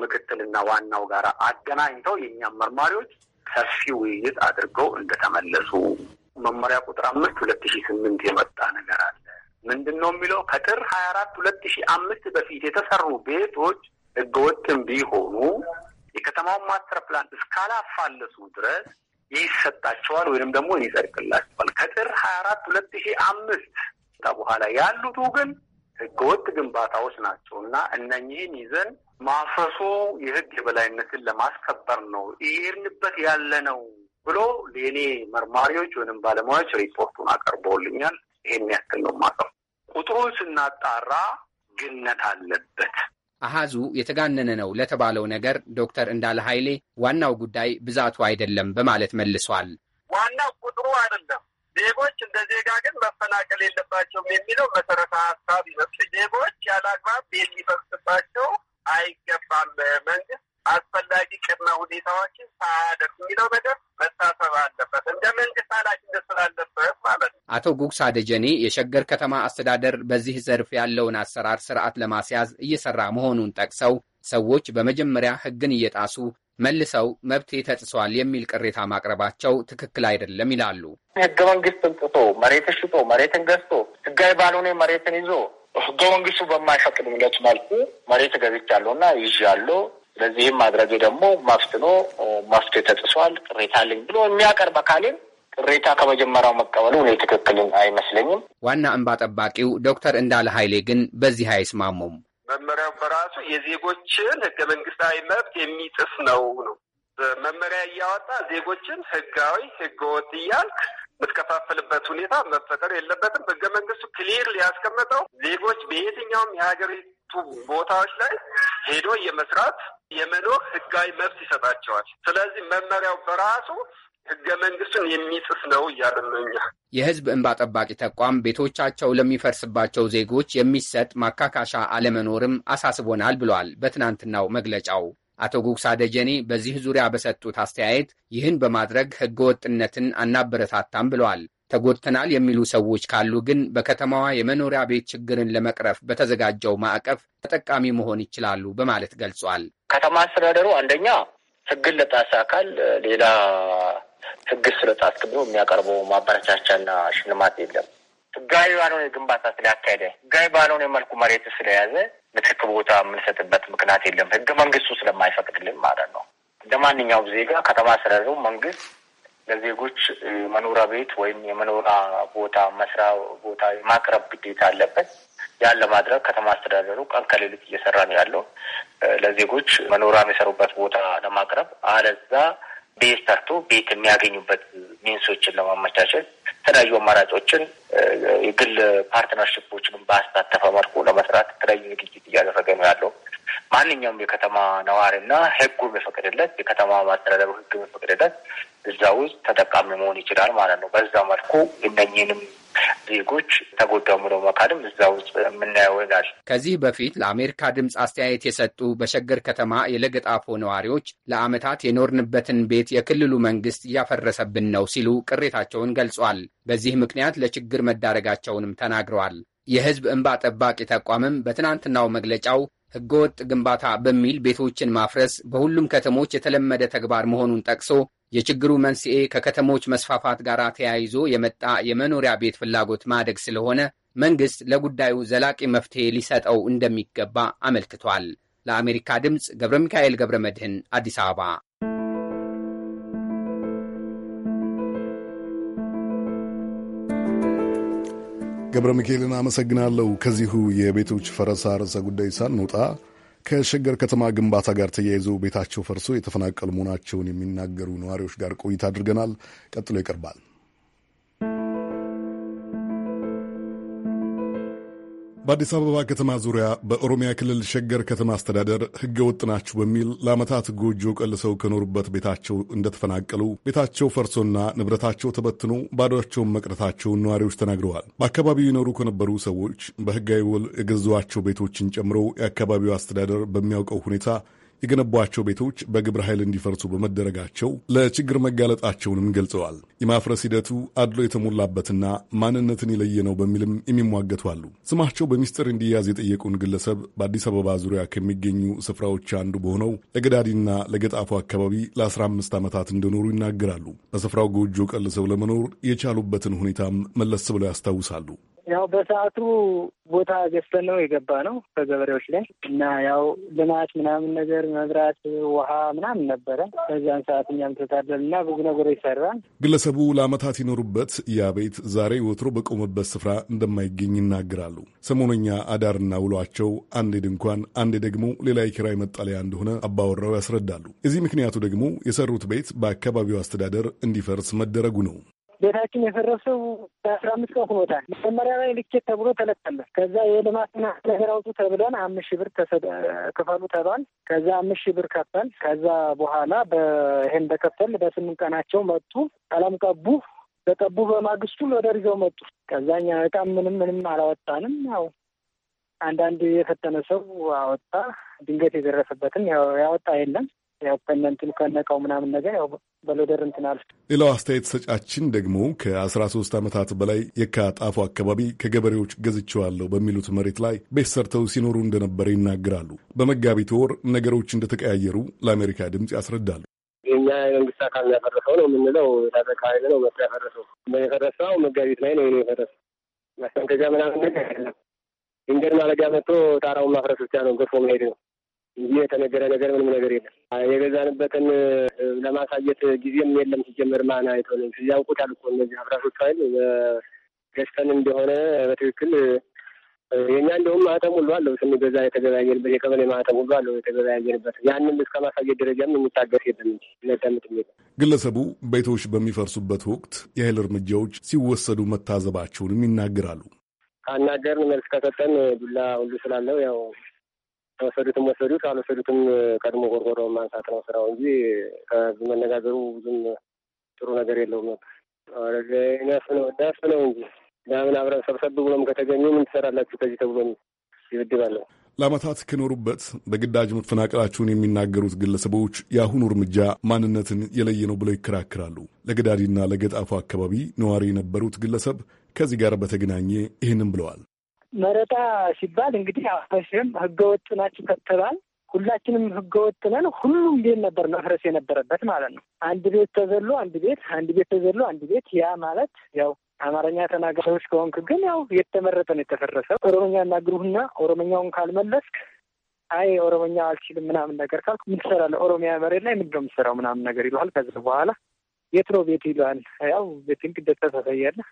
ምክትልና ዋናው ጋር አገናኝተው የእኛም መርማሪዎች ሰፊ ውይይት አድርገው እንደተመለሱ መመሪያ ቁጥር አምስት ሁለት ሺ ስምንት የመጣ ነገር አለ። ምንድን ነው የሚለው ከጥር ሀያ አራት ሁለት ሺ አምስት በፊት የተሰሩ ቤቶች ህገወጥም ቢሆኑ የከተማውን ማስተር ፕላን እስካላፋለሱ ድረስ ይሰጣቸዋል ወይንም ደግሞ ይጸድቅላቸዋል። ከጥር ሀያ አራት ሁለት ሺህ አምስት በኋላ ያሉቱ ግን ህገወጥ ግንባታዎች ናቸው እና እነኚህን ይዘን ማፈሱ የህግ የበላይነትን ለማስከበር ነው እየሄድንበት ያለ ነው ብሎ የኔ መርማሪዎች ወይንም ባለሙያዎች ሪፖርቱን አቀርበውልኛል። ይሄን ያክል ነው ማቀር። ቁጥሩን ስናጣራ ግነት አለበት አሃዙ የተጋነነ ነው ለተባለው ነገር ዶክተር እንዳለ ኃይሌ ዋናው ጉዳይ ብዛቱ አይደለም በማለት መልሷል። ዋናው ቁጥሩ አይደለም፣ ዜጎች እንደ ዜጋ ግን መፈናቀል የለባቸውም የሚለው መሰረተ ሀሳብ ይመስል ዜጎች ያለ አግባብ ቤት ሊፈርስባቸው አይገባም። መንግስት አስፈላጊ ቅድመ ሁኔታዎችን ሳያደርግ የሚለው ነገር መታሰብ አለበት፣ እንደ መንግስት ኃላፊነት ስላለበት ማለት ነው። አቶ ጉግሳ ደጀኔ የሸገር ከተማ አስተዳደር በዚህ ዘርፍ ያለውን አሰራር ስርዓት ለማስያዝ እየሰራ መሆኑን ጠቅሰው ሰዎች በመጀመሪያ ህግን እየጣሱ መልሰው መብቴ ተጥሷል የሚል ቅሬታ ማቅረባቸው ትክክል አይደለም ይላሉ። ህገ መንግስትን ጥሶ መሬትን ሽጦ መሬትን ገዝቶ ህጋዊ ባልሆነ መሬትን ይዞ ህገ መንግስቱ በማይፈቅድ መልኩ መሬት ገዝቻለሁ እና ይዣለሁ ስለዚህም ማድረጌ ደግሞ ነው። መፍትሄ ተጥሷል ቅሬታ አለኝ ብሎ የሚያቀርብ አካሌም ቅሬታ ከመጀመሪያው መቀበሉ እኔ ትክክል አይመስለኝም። ዋና እንባ ጠባቂው ዶክተር እንዳለ ኃይሌ ግን በዚህ አይስማሙም። መመሪያው በራሱ የዜጎችን ህገ መንግስታዊ መብት የሚጥስ ነው ነው መመሪያ እያወጣ ዜጎችን ህጋዊ ህገወጥ እያልክ የምትከፋፍልበት ሁኔታ መፈጠር የለበትም። ህገ መንግስቱ ክሊር ሊያስቀምጠው ዜጎች በየትኛውም የሀገሪቱ ቦታዎች ላይ ሄዶ የመስራት የመኖር ህጋዊ መብት ይሰጣቸዋል። ስለዚህ መመሪያው በራሱ ህገ መንግስቱን የሚጥስ ነው እያለ ነው። እኛ የህዝብ እንባ ጠባቂ ተቋም ቤቶቻቸው ለሚፈርስባቸው ዜጎች የሚሰጥ ማካካሻ አለመኖርም አሳስቦናል ብሏል በትናንትናው መግለጫው። አቶ ጉግሳ ደጀኔ በዚህ ዙሪያ በሰጡት አስተያየት ይህን በማድረግ ህገወጥነትን አናበረታታም ብለዋል። ተጎድተናል የሚሉ ሰዎች ካሉ ግን በከተማዋ የመኖሪያ ቤት ችግርን ለመቅረፍ በተዘጋጀው ማዕቀፍ ተጠቃሚ መሆን ይችላሉ በማለት ገልጿል። ከተማ አስተዳደሩ አንደኛ ህግን ለጣሰ አካል ሌላ ህግ ስለጣስክ ብሎ የሚያቀርበው ማበረቻቻና ሽልማት የለም። ህጋዊ ባልሆነ ግንባታ ስለያካሄደ፣ ህጋዊ ባልሆነ የመልኩ መሬት ስለያዘ ምትክ ቦታ የምንሰጥበት ምክንያት የለም። ህገ መንግስቱ ስለማይፈቅድልን ማለት ነው። እንደ ማንኛውም ዜጋ ከተማ አስተዳደሩ መንግስት ለዜጎች መኖሪያ ቤት ወይም የመኖሪያ ቦታ መስሪያ ቦታ የማቅረብ ግዴታ አለበት። ያን ለማድረግ ከተማ አስተዳደሩ ቀን ከሌሊት እየሰራ ነው ያለው ለዜጎች መኖሪያ የሚሰሩበት ቦታ ለማቅረብ አለዛ ቤት ሰርቶ ቤት የሚያገኙበት ሚንሶችን ለማመቻቸት የተለያዩ አማራጮችን የግል ፓርትነርሽፖችንም ባሳተፈ መልኩ ለመስራት የተለያዩ ዝግጅት እያደረገ ነው ያለው። ማንኛውም የከተማ ነዋሪና ህጉ የሚፈቅድለት የከተማ ማስተዳደሩ ህግ የሚፈቅድለት እዛ ውስጥ ተጠቃሚ መሆን ይችላል ማለት ነው። በዛ መልኩ እነኝንም ዜጎች ተጎዳሙ ነው መካልም እዛ ውስጥ የምናየው ይላል። ከዚህ በፊት ለአሜሪካ ድምፅ አስተያየት የሰጡ በሸገር ከተማ የለገጣፎ ነዋሪዎች ለአመታት የኖርንበትን ቤት የክልሉ መንግስት እያፈረሰብን ነው ሲሉ ቅሬታቸውን ገልጿል። በዚህ ምክንያት ለችግር መዳረጋቸውንም ተናግረዋል። የህዝብ እንባ ጠባቂ ተቋምም በትናንትናው መግለጫው ህገወጥ ግንባታ በሚል ቤቶችን ማፍረስ በሁሉም ከተሞች የተለመደ ተግባር መሆኑን ጠቅሶ የችግሩ መንስኤ ከከተሞች መስፋፋት ጋር ተያይዞ የመጣ የመኖሪያ ቤት ፍላጎት ማደግ ስለሆነ መንግሥት ለጉዳዩ ዘላቂ መፍትሄ ሊሰጠው እንደሚገባ አመልክቷል። ለአሜሪካ ድምፅ ገብረ ሚካኤል ገብረ መድህን አዲስ አበባ ገብረ ሚካኤልን አመሰግናለሁ። ከዚሁ የቤቶች ፈረሳ ርዕሰ ጉዳይ ሳንወጣ ከሸገር ከተማ ግንባታ ጋር ተያይዞ ቤታቸው ፈርሶ የተፈናቀሉ መሆናቸውን የሚናገሩ ነዋሪዎች ጋር ቆይታ አድርገናል። ቀጥሎ ይቀርባል። በአዲስ አበባ ከተማ ዙሪያ በኦሮሚያ ክልል ሸገር ከተማ አስተዳደር ሕገ ወጥ ናችሁ በሚል ለዓመታት ጎጆ ቀልሰው ከኖሩበት ቤታቸው እንደተፈናቀሉ ቤታቸው ፈርሶና ንብረታቸው ተበትኖ ባዷቸውን መቅረታቸውን ነዋሪዎች ተናግረዋል። በአካባቢው ይኖሩ ከነበሩ ሰዎች በሕጋዊ ውል የገዟቸው ቤቶችን ጨምሮ የአካባቢው አስተዳደር በሚያውቀው ሁኔታ የገነቧቸው ቤቶች በግብረ ኃይል እንዲፈርሱ በመደረጋቸው ለችግር መጋለጣቸውንም ገልጸዋል። የማፍረስ ሂደቱ አድሎ የተሞላበትና ማንነትን የለየ ነው በሚልም የሚሟገቱ አሉ። ስማቸው በሚስጥር እንዲያዝ የጠየቁን ግለሰብ በአዲስ አበባ ዙሪያ ከሚገኙ ስፍራዎች አንዱ በሆነው ለገዳዲና ለገጣፉ አካባቢ ለ15 ዓመታት እንደኖሩ ይናገራሉ። በስፍራው ጎጆ ቀልሰው ለመኖር የቻሉበትን ሁኔታም መለስ ብለው ያስታውሳሉ። ያው በሰዓቱ ቦታ ገዝተን ነው የገባ ነው ከገበሬዎች ላይ እና ያው ልማት ምናምን ነገር መብራት፣ ውሃ ምናምን ነበረ። በዚያን ሰዓት እኛም ተታደል እና ብዙ ነገሮች ይሰራል። ግለሰቡ ለዓመታት ይኖሩበት ያ ቤት ዛሬ ወትሮ በቆመበት ስፍራ እንደማይገኝ ይናገራሉ። ሰሞነኛ አዳርና ውሏቸው አንዴ ድንኳን፣ አንዴ ደግሞ ሌላ የኪራይ መጠለያ እንደሆነ አባወራው ያስረዳሉ። የዚህ ምክንያቱ ደግሞ የሰሩት ቤት በአካባቢው አስተዳደር እንዲፈርስ መደረጉ ነው። ቤታችን የፈረሰው በአስራ አምስት ቀን ሆኖታል። መጀመሪያ ላይ ልኬት ተብሎ ተለጠለ። ከዛ የልማትና ነገር አውጡ ተብለን አምስት ሺህ ብር ክፈሉ ተባል። ከዛ አምስት ሺህ ብር ከፈል። ከዛ በኋላ ይህን በከፈል በስምንት ቀናቸው መጡ፣ ቀለም ቀቡ በቀቡ በማግስቱ ወደ ሪዘው መጡ። ከዛኛ እቃ ምንም ምንም አላወጣንም። ያው አንዳንድ የፈጠነ ሰው አወጣ፣ ድንገት የደረሰበትም ያወጣ የለም። ያው ከነ ከነቀው ምናምን ነገር ያው በሎደር እንትናል። ሌላው አስተያየት ሰጫችን ደግሞ ከአስራ ሶስት ዓመታት በላይ የካ ጣፎ አካባቢ ከገበሬዎች ገዝቸዋለሁ በሚሉት መሬት ላይ ቤት ሰርተው ሲኖሩ እንደነበረ ይናገራሉ። በመጋቢት ወር ነገሮች እንደተቀያየሩ ለአሜሪካ ድምፅ ያስረዳሉ። እኛ የመንግስት አካል ያፈረሰው ነው የምንለው ዳጠቃ ኃይል ነው መስ ያፈረሰው የፈረሰው መጋቢት ላይ ነው ነው የፈረሰው ማስጠንቀቂያ ምናምን ነገር የለም። ድንገት ማለጊያ መጥቶ ጣራውን ማፍረስ ብቻ ነው ገፎ መሄድ ነው እንጂ የተነገረ ነገር ምንም ነገር የለም። የገዛንበትን ለማሳየት ጊዜም የለም። ሲጀመር ማን አይተው እዚህ ያውቁታል እኮ እነዚህ አፍራሾች ኃይል ገዝተን እንደሆነ በትክክል የኛ እንደውም ማህተም ሁሉ አለው። ስንገዛ የተገበያየንበት የቀበሌ ማህተም ሁሉ አለው የተገበያየንበት። ያንን እስከ ማሳየት ደረጃም የሚታገስ የለም እንጂ ነዳምት ግለሰቡ ቤቶች በሚፈርሱበት ወቅት የኃይል እርምጃዎች ሲወሰዱ መታዘባቸውንም ይናገራሉ። ካናገርን መልስ ከሰጠን ዱላ ሁሉ ስላለው ያው ከወሰዱትም ወሰዱት አልወሰዱትም ቀድሞ ጎርጎሮ ማንሳት ነው ስራው እንጂ መነጋገሩ ብዙም ጥሩ ነገር የለውም ነበር። ነፍ ነው ነፍ ነው እንጂ ዳምን አብረን ሰብሰብ ብሎም ከተገኙ ምን ትሰራላችሁ ከዚህ ተብሎም ይብድባለሁ። ለአመታት ከኖሩበት በግዳጅ መፈናቀላቸውን የሚናገሩት ግለሰቦች የአሁኑ እርምጃ ማንነትን የለየ ነው ብለው ይከራከራሉ። ለገዳዲና ለገጣፉ አካባቢ ነዋሪ የነበሩት ግለሰብ ከዚህ ጋር በተገናኘ ይህንም ብለዋል። መረጣ ሲባል እንግዲህ አፈሽም ህገወጥ ናችሁ ከተባል ሁላችንም ህገወጥ ነን። ሁሉም ቤት ነበር መፍረስ የነበረበት ማለት ነው። አንድ ቤት ተዘሎ አንድ ቤት አንድ ቤት ተዘሎ አንድ ቤት። ያ ማለት ያው አማርኛ ተናጋሪዎች ከሆንክ ግን ያው የተመረጠ ነው የተፈረሰው። ኦሮምኛ እናግሩህና ኦሮምኛውን ካልመለስክ አይ ኦሮምኛ አልችልም ምናምን ነገር ካልኩ ምን ትሰራለህ? ኦሮሚያ መሬት ላይ ምንድነው የምትሰራው ምናምን ነገር ይለዋል። ከዚህ በኋላ የት ነው ቤት ይለዋል። ያው ቤትን እንግዲህ ተሰፈያለህ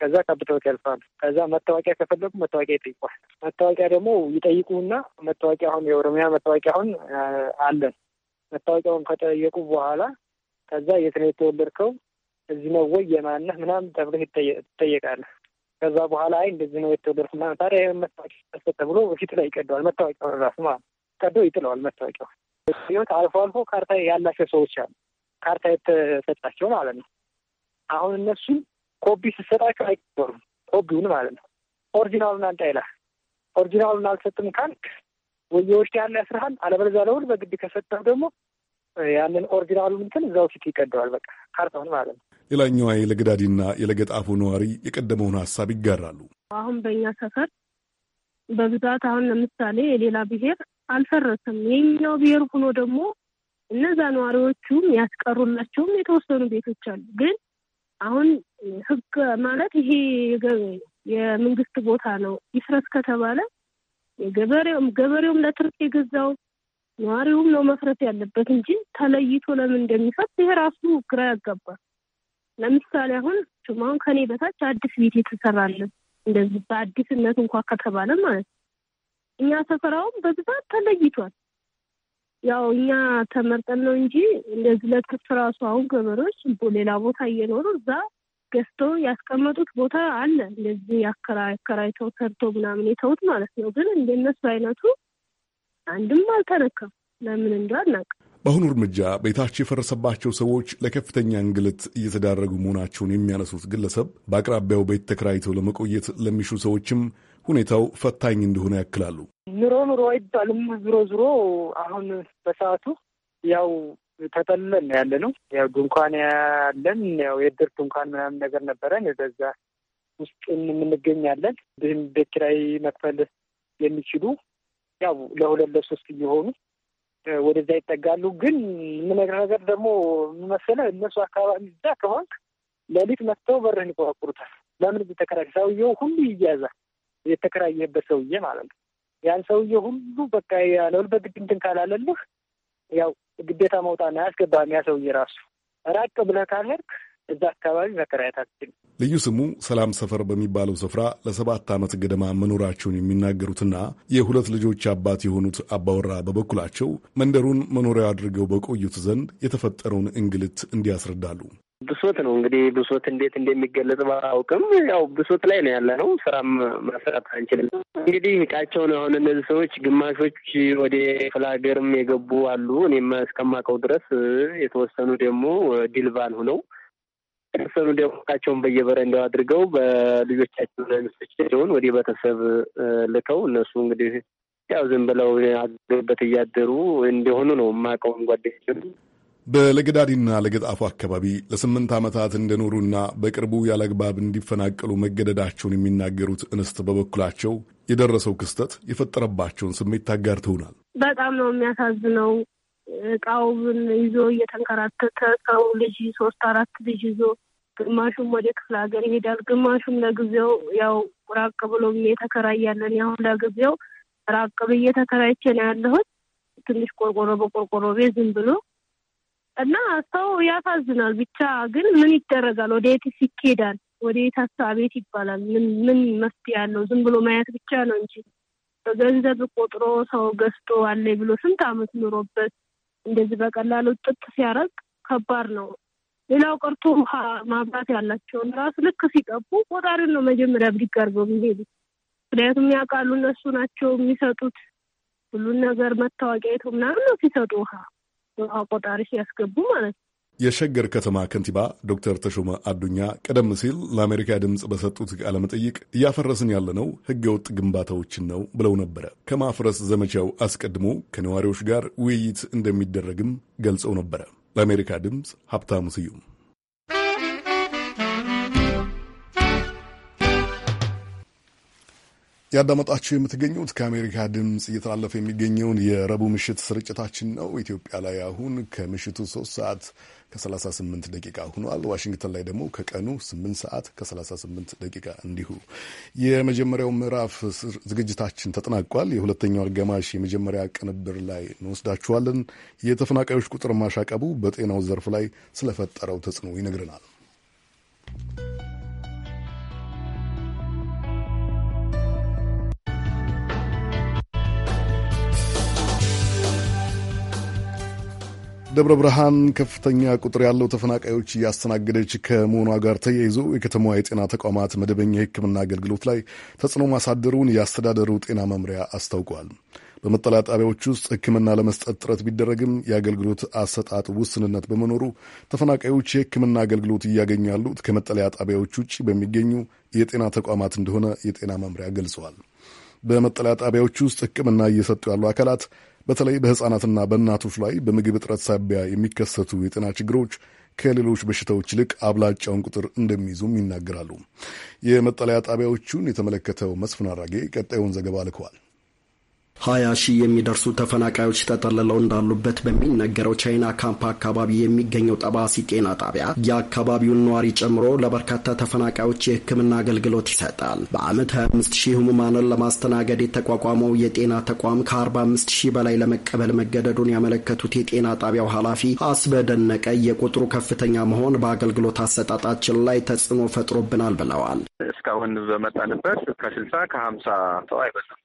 ከዛ ቀብተውት ያልፋሉ። ከዛ መታወቂያ ከፈለጉ መታወቂያ ይጠይቋል። መታወቂያ ደግሞ ይጠይቁና መታወቂያ አሁን የኦሮሚያ መታወቂያ አሁን አለን። መታወቂያውን ከጠየቁ በኋላ ከዛ የት ነው የተወለድከው፣ እዚህ ነው ወይ፣ የማነህ ምናምን ተብለህ ትጠየቃለህ። ከዛ በኋላ አይ እንደዚህ ነው የተወለድኩ ምናምን። ታዲያ ይህን መታወቂያ ሰጠ ተብሎ ፊት ላይ ይቀደዋል። መታወቂያውን ራሱ ማለት ቀዶ ይጥለዋል። መታወቂያውን ህይወት አልፎ አልፎ ካርታ ያላቸው ሰዎች አሉ። ካርታ የተሰጣቸው ማለት ነው። አሁን እነሱን ኮፒ ስሰጣቸው አይቀበሩም። ኮፒውን ማለት ነው። ኦሪጂናሉን አንጣ ይላል። ኦሪጂናሉን አልሰጥም ካልክ ወይ ወሽድ ያለ ያስርሃል፣ አለበለዚያ ለሁል በግድ ከሰጠው ደግሞ ያንን ኦሪጂናሉን እንትን እዛው ፊት ይቀደዋል። በቃ ካርታውን ማለት ነው። ሌላኛዋ የለገዳዲና የለገጣፎ ነዋሪ የቀደመውን ሀሳብ ይጋራሉ። አሁን በእኛ ሰፈር በብዛት አሁን ለምሳሌ የሌላ ብሔር አልፈረሰም የኛው ብሔር ሆኖ ደግሞ እነዛ ነዋሪዎቹም ያስቀሩላቸውም የተወሰኑ ቤቶች አሉ ግን አሁን ህግ ማለት ይሄ የመንግስት ቦታ ነው ይፍረስ ከተባለ ገበሬውም ገበሬውም ለትርፍ የገዛው ነዋሪውም ነው መፍረስ ያለበት እንጂ ተለይቶ ለምን እንደሚፈርስ ይሄ ራሱ ግራ ያጋባል። ለምሳሌ አሁን ችማሁን ከኔ በታች አዲስ ቤት የተሰራለን እንደዚህ በአዲስነት እንኳ ከተባለ ማለት ነው እኛ ሰፈራውም በብዛት ተለይቷል። ያው እኛ ተመርጠን ነው እንጂ እንደዚህ ለክፍ ራሱ አሁን ገበሬዎች ሌላ ቦታ እየኖሩ እዛ ገዝቶ ያስቀመጡት ቦታ አለ። እንደዚህ አከራይተው ሰርቶ ምናምን የተውት ማለት ነው። ግን እንደነሱ አይነቱ አንድም አልተነካም። ለምን እንዲ አናቅ በአሁኑ እርምጃ ቤታቸው የፈረሰባቸው ሰዎች ለከፍተኛ እንግልት እየተዳረጉ መሆናቸውን የሚያነሱት ግለሰብ በአቅራቢያው ቤት ተከራይተው ለመቆየት ለሚሹ ሰዎችም ሁኔታው ፈታኝ እንደሆነ ያክላሉ። ኑሮ ኑሮ አይባልም። ዝሮ ዝሮ አሁን በሰዓቱ ያው ተጠልለን ያለ ነው። ያው ድንኳን ያለን ያው የድር ድንኳን ምናምን ነገር ነበረን። በዛ ውስጥ የምንገኛለን። ይህም ቤት ኪራይ መክፈል የሚችሉ ያው ለሁለት ለሶስት እየሆኑ ወደዛ ይጠጋሉ። ግን የምነግር ነገር ደግሞ መሰለ እነሱ አካባቢ እዛ ከሆንክ ሌሊት መጥተው በርህን ይቆረቁሩታል። ለምን ተከራይ ሰውየው ሁሉ ይያዛል። የተከራየህበት ሰውዬ ማለት ነው። ያን ሰውዬ ሁሉ በቃ ያለውል በግድ እንትን ካላለልህ ያው ግዴታ መውጣና አያስገባህም። ያ ሰውዬ ራሱ ራቅ ብለህ ካልሄድክ እዛ አካባቢ መከራየት አትችልም። ልዩ ስሙ ሰላም ሰፈር በሚባለው ስፍራ ለሰባት ዓመት ገደማ መኖራቸውን የሚናገሩትና የሁለት ልጆች አባት የሆኑት አባወራ በበኩላቸው መንደሩን መኖሪያ አድርገው በቆዩት ዘንድ የተፈጠረውን እንግልት እንዲያስረዳሉ። ብሶት ነው እንግዲህ ብሶት እንዴት እንደሚገለጽ ባላውቅም ያው ብሶት ላይ ነው ያለ ነው። ስራም መስራት አንችልም። እንግዲህ እቃቸውን አሁን እነዚህ ሰዎች ግማሾች ወደ ክፍለ ሀገርም የገቡ አሉ፣ እኔም እስከማውቀው ድረስ የተወሰኑ ደግሞ ዲልቫን ሁነው የተወሰኑ ደግሞ እቃቸውን በየበረንዳው አድርገው በልጆቻቸው ሚስቶቻቸውን ወደ ቤተሰብ ልከው እነሱ እንግዲህ ያው ዝም ብለው አገርበት እያደሩ እንደሆኑ ነው የማውቀውን ጓደኞች በለገዳዲና ለገጣፉ አካባቢ ለስምንት ዓመታት እንደኖሩና በቅርቡ ያለግባብ እንዲፈናቀሉ መገደዳቸውን የሚናገሩት እንስት በበኩላቸው የደረሰው ክስተት የፈጠረባቸውን ስሜት ታጋርተውናል። በጣም ነው የሚያሳዝነው። እቃውን ይዞ እየተንከራተተ ሰው ልጅ ሶስት አራት ልጅ ይዞ ግማሹም ወደ ክፍለ ሀገር ይሄዳል። ግማሹም ለጊዜው ያው ራቅ ብሎ የተከራያለን። ያሁን ለጊዜው ራቅ ብዬ ተከራይቼ ነው ያለሁት። ትንሽ ቆርቆሮ በቆርቆሮ ቤት ዝም ብሎ እና ሰው ያሳዝናል። ብቻ ግን ምን ይደረጋል? ወደየትስ ይኬዳል? ወደየት ሀሳ ቤት ይባላል? ምን ምን መፍትሄ ያለው? ዝም ብሎ ማየት ብቻ ነው እንጂ በገንዘብ ቆጥሮ ሰው ገዝቶ አለ ብሎ ስንት አመት ኑሮበት እንደዚህ በቀላሉ ጥጥ ሲያደርግ ከባድ ነው። ሌላው ቀርቶ ውሃ ማብራት ያላቸውን ራሱ ልክ ሲጠቡ ቆጣሪን ነው መጀመሪያ ብድግ አድርገው የሚሄዱ። ምክንያቱም ያውቃሉ እነሱ ናቸው የሚሰጡት ሁሉን ነገር መታወቂያ የቱ ምናምን ነው ሲሰጡ ውሃ አቆጣሪ ቆጣሪ ሲያስገቡ ማለት ነው። የሸገር ከተማ ከንቲባ ዶክተር ተሾመ አዱኛ ቀደም ሲል ለአሜሪካ ድምፅ በሰጡት ቃለ መጠይቅ እያፈረስን ያለነው ወጥ ግንባታዎችን ነው ብለው ነበረ። ከማፍረስ ዘመቻው አስቀድሞ ከነዋሪዎች ጋር ውይይት እንደሚደረግም ገልጸው ነበረ። ለአሜሪካ ድምፅ ሀብታሙ ስዩም ያዳመጣችሁ የምትገኙት ከአሜሪካ ድምፅ እየተላለፈ የሚገኘውን የረቡዕ ምሽት ስርጭታችን ነው። ኢትዮጵያ ላይ አሁን ከምሽቱ 3 ሰዓት ከ38 ደቂቃ ሆኗል። ዋሽንግተን ላይ ደግሞ ከቀኑ 8 ሰዓት ከ38 ደቂቃ እንዲሁ። የመጀመሪያው ምዕራፍ ዝግጅታችን ተጠናቋል። የሁለተኛው አጋማሽ የመጀመሪያ ቅንብር ላይ እንወስዳችኋለን። የተፈናቃዮች ቁጥር ማሻቀቡ በጤናው ዘርፍ ላይ ስለፈጠረው ተጽዕኖ ይነግረናል። ደብረ ብርሃን ከፍተኛ ቁጥር ያለው ተፈናቃዮች እያስተናገደች ከመሆኗ ጋር ተያይዞ የከተማዋ የጤና ተቋማት መደበኛ የሕክምና አገልግሎት ላይ ተጽዕኖ ማሳደሩን የአስተዳደሩ ጤና መምሪያ አስታውቋል። በመጠለያ ጣቢያዎች ውስጥ ሕክምና ለመስጠት ጥረት ቢደረግም የአገልግሎት አሰጣጥ ውስንነት በመኖሩ ተፈናቃዮች የሕክምና አገልግሎት እያገኙ ያሉት ከመጠለያ ጣቢያዎች ውጭ በሚገኙ የጤና ተቋማት እንደሆነ የጤና መምሪያ ገልጸዋል። በመጠለያ ጣቢያዎች ውስጥ ሕክምና እየሰጡ ያሉ አካላት በተለይ በሕፃናትና በእናቶች ላይ በምግብ እጥረት ሳቢያ የሚከሰቱ የጤና ችግሮች ከሌሎች በሽታዎች ይልቅ አብላጫውን ቁጥር እንደሚይዙም ይናገራሉ። የመጠለያ ጣቢያዎቹን የተመለከተው መስፍን አራጌ ቀጣዩን ዘገባ ልከዋል። ሀያ ሺህ የሚደርሱ ተፈናቃዮች ተጠልለው እንዳሉበት በሚነገረው ቻይና ካምፕ አካባቢ የሚገኘው ጠባሲ ጤና ጣቢያ የአካባቢውን ነዋሪ ጨምሮ ለበርካታ ተፈናቃዮች የሕክምና አገልግሎት ይሰጣል። በአመት 25 ሺህ ህሙማንን ለማስተናገድ የተቋቋመው የጤና ተቋም ከ45 ሺህ በላይ ለመቀበል መገደዱን ያመለከቱት የጤና ጣቢያው ኃላፊ አስበደነቀ የቁጥሩ ከፍተኛ መሆን በአገልግሎት አሰጣጣችን ላይ ተጽዕኖ ፈጥሮብናል ብለዋል። እስካሁን በመጣንበት ከ50 ሰው አይበዛም